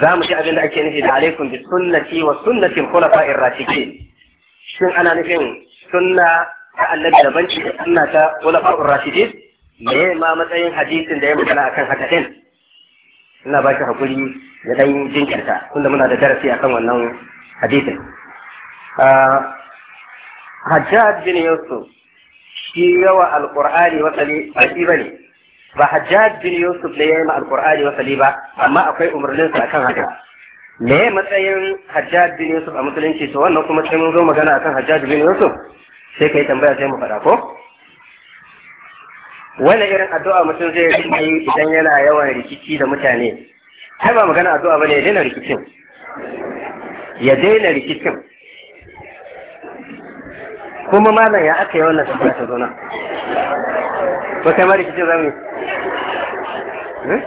za mu ji abin da ake nufi da alaikum bi sunnati wa sunnati al-khulafa'ir rashidin shin ana nufin sunna ta annabi da banci da sunna ta khulafa'ir rashidin me ma matsayin hadisin da ya magana akan haka din ina ba shi hakuri ya dan jinkirta tunda muna da darasi akan wannan hadisin ah, Hajjaj bin Yusuf shi yawa alqur'ani wasali ba shi bane ba Hajjaj bin Yusuf ne yayin alqur'ani wasali ba amma akwai umurnin sa akan haka me matsayin Hajjaj bin Yusuf a musulunci to wannan kuma sai mun zo magana akan Hajjaj bin Yusuf sai kai tambaya sai mu faɗa ko wannan irin addu'a mutum zai rinka yi idan yana yawan rikici da mutane ai ba magana addu'a bane ya daina rikicin ya daina rikicin kuma malam ya aka yi wannan tafiya ta zo nan ko kai ma rikicin zamu hmm?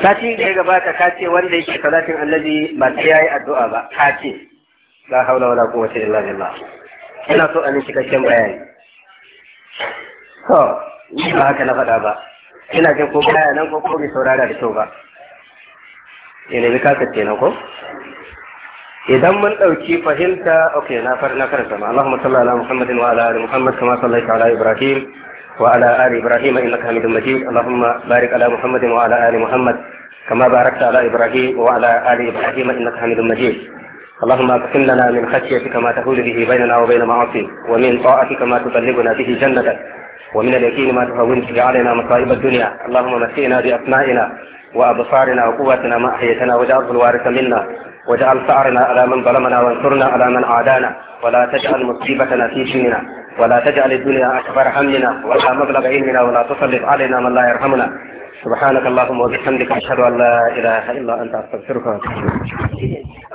sati da ya gabata ka ce wanda yake salatin annabi ba sai yayi addu'a ba ka ce la haula wala quwwata illa billah ina so a yi cikakken bayani ni ba haka na faɗa ba ina jin ko baya nan ko ko bai saurara da kyau ba ya nemi kasar kenan ko idan mun ɗauki fahimta ok na fara na karanta ma Allahumma salli ala Muhammadin wa ala ali Muhammad kama sallaita ala Ibrahim wa ala ali Ibrahim innaka Hamidum Majid Allahumma barik ala Muhammadin wa ala ali Muhammad كما باركت على إبراهيم وعلى آل إبراهيم إنك حميد majid اللهم اقسم لنا من خشيتك ما تحول به بيننا وبين معاصيك ومن طاعتك ما تبلغنا به جنتك ومن اليقين ما تهون به علينا مصائب الدنيا اللهم مسئنا بأسمائنا وأبصارنا وقوتنا ما أحيتنا واجعله الوارث منا واجعل ثأرنا على من ظلمنا وانصرنا على من عادانا ولا تجعل مصيبتنا في شيننا ولا تجعل الدنيا أكبر همنا ولا مبلغ علمنا ولا تسلط علينا من لا يرحمنا سبحانك اللهم وبحمدك أشهد أن لا إله إلا أنت أستغفرك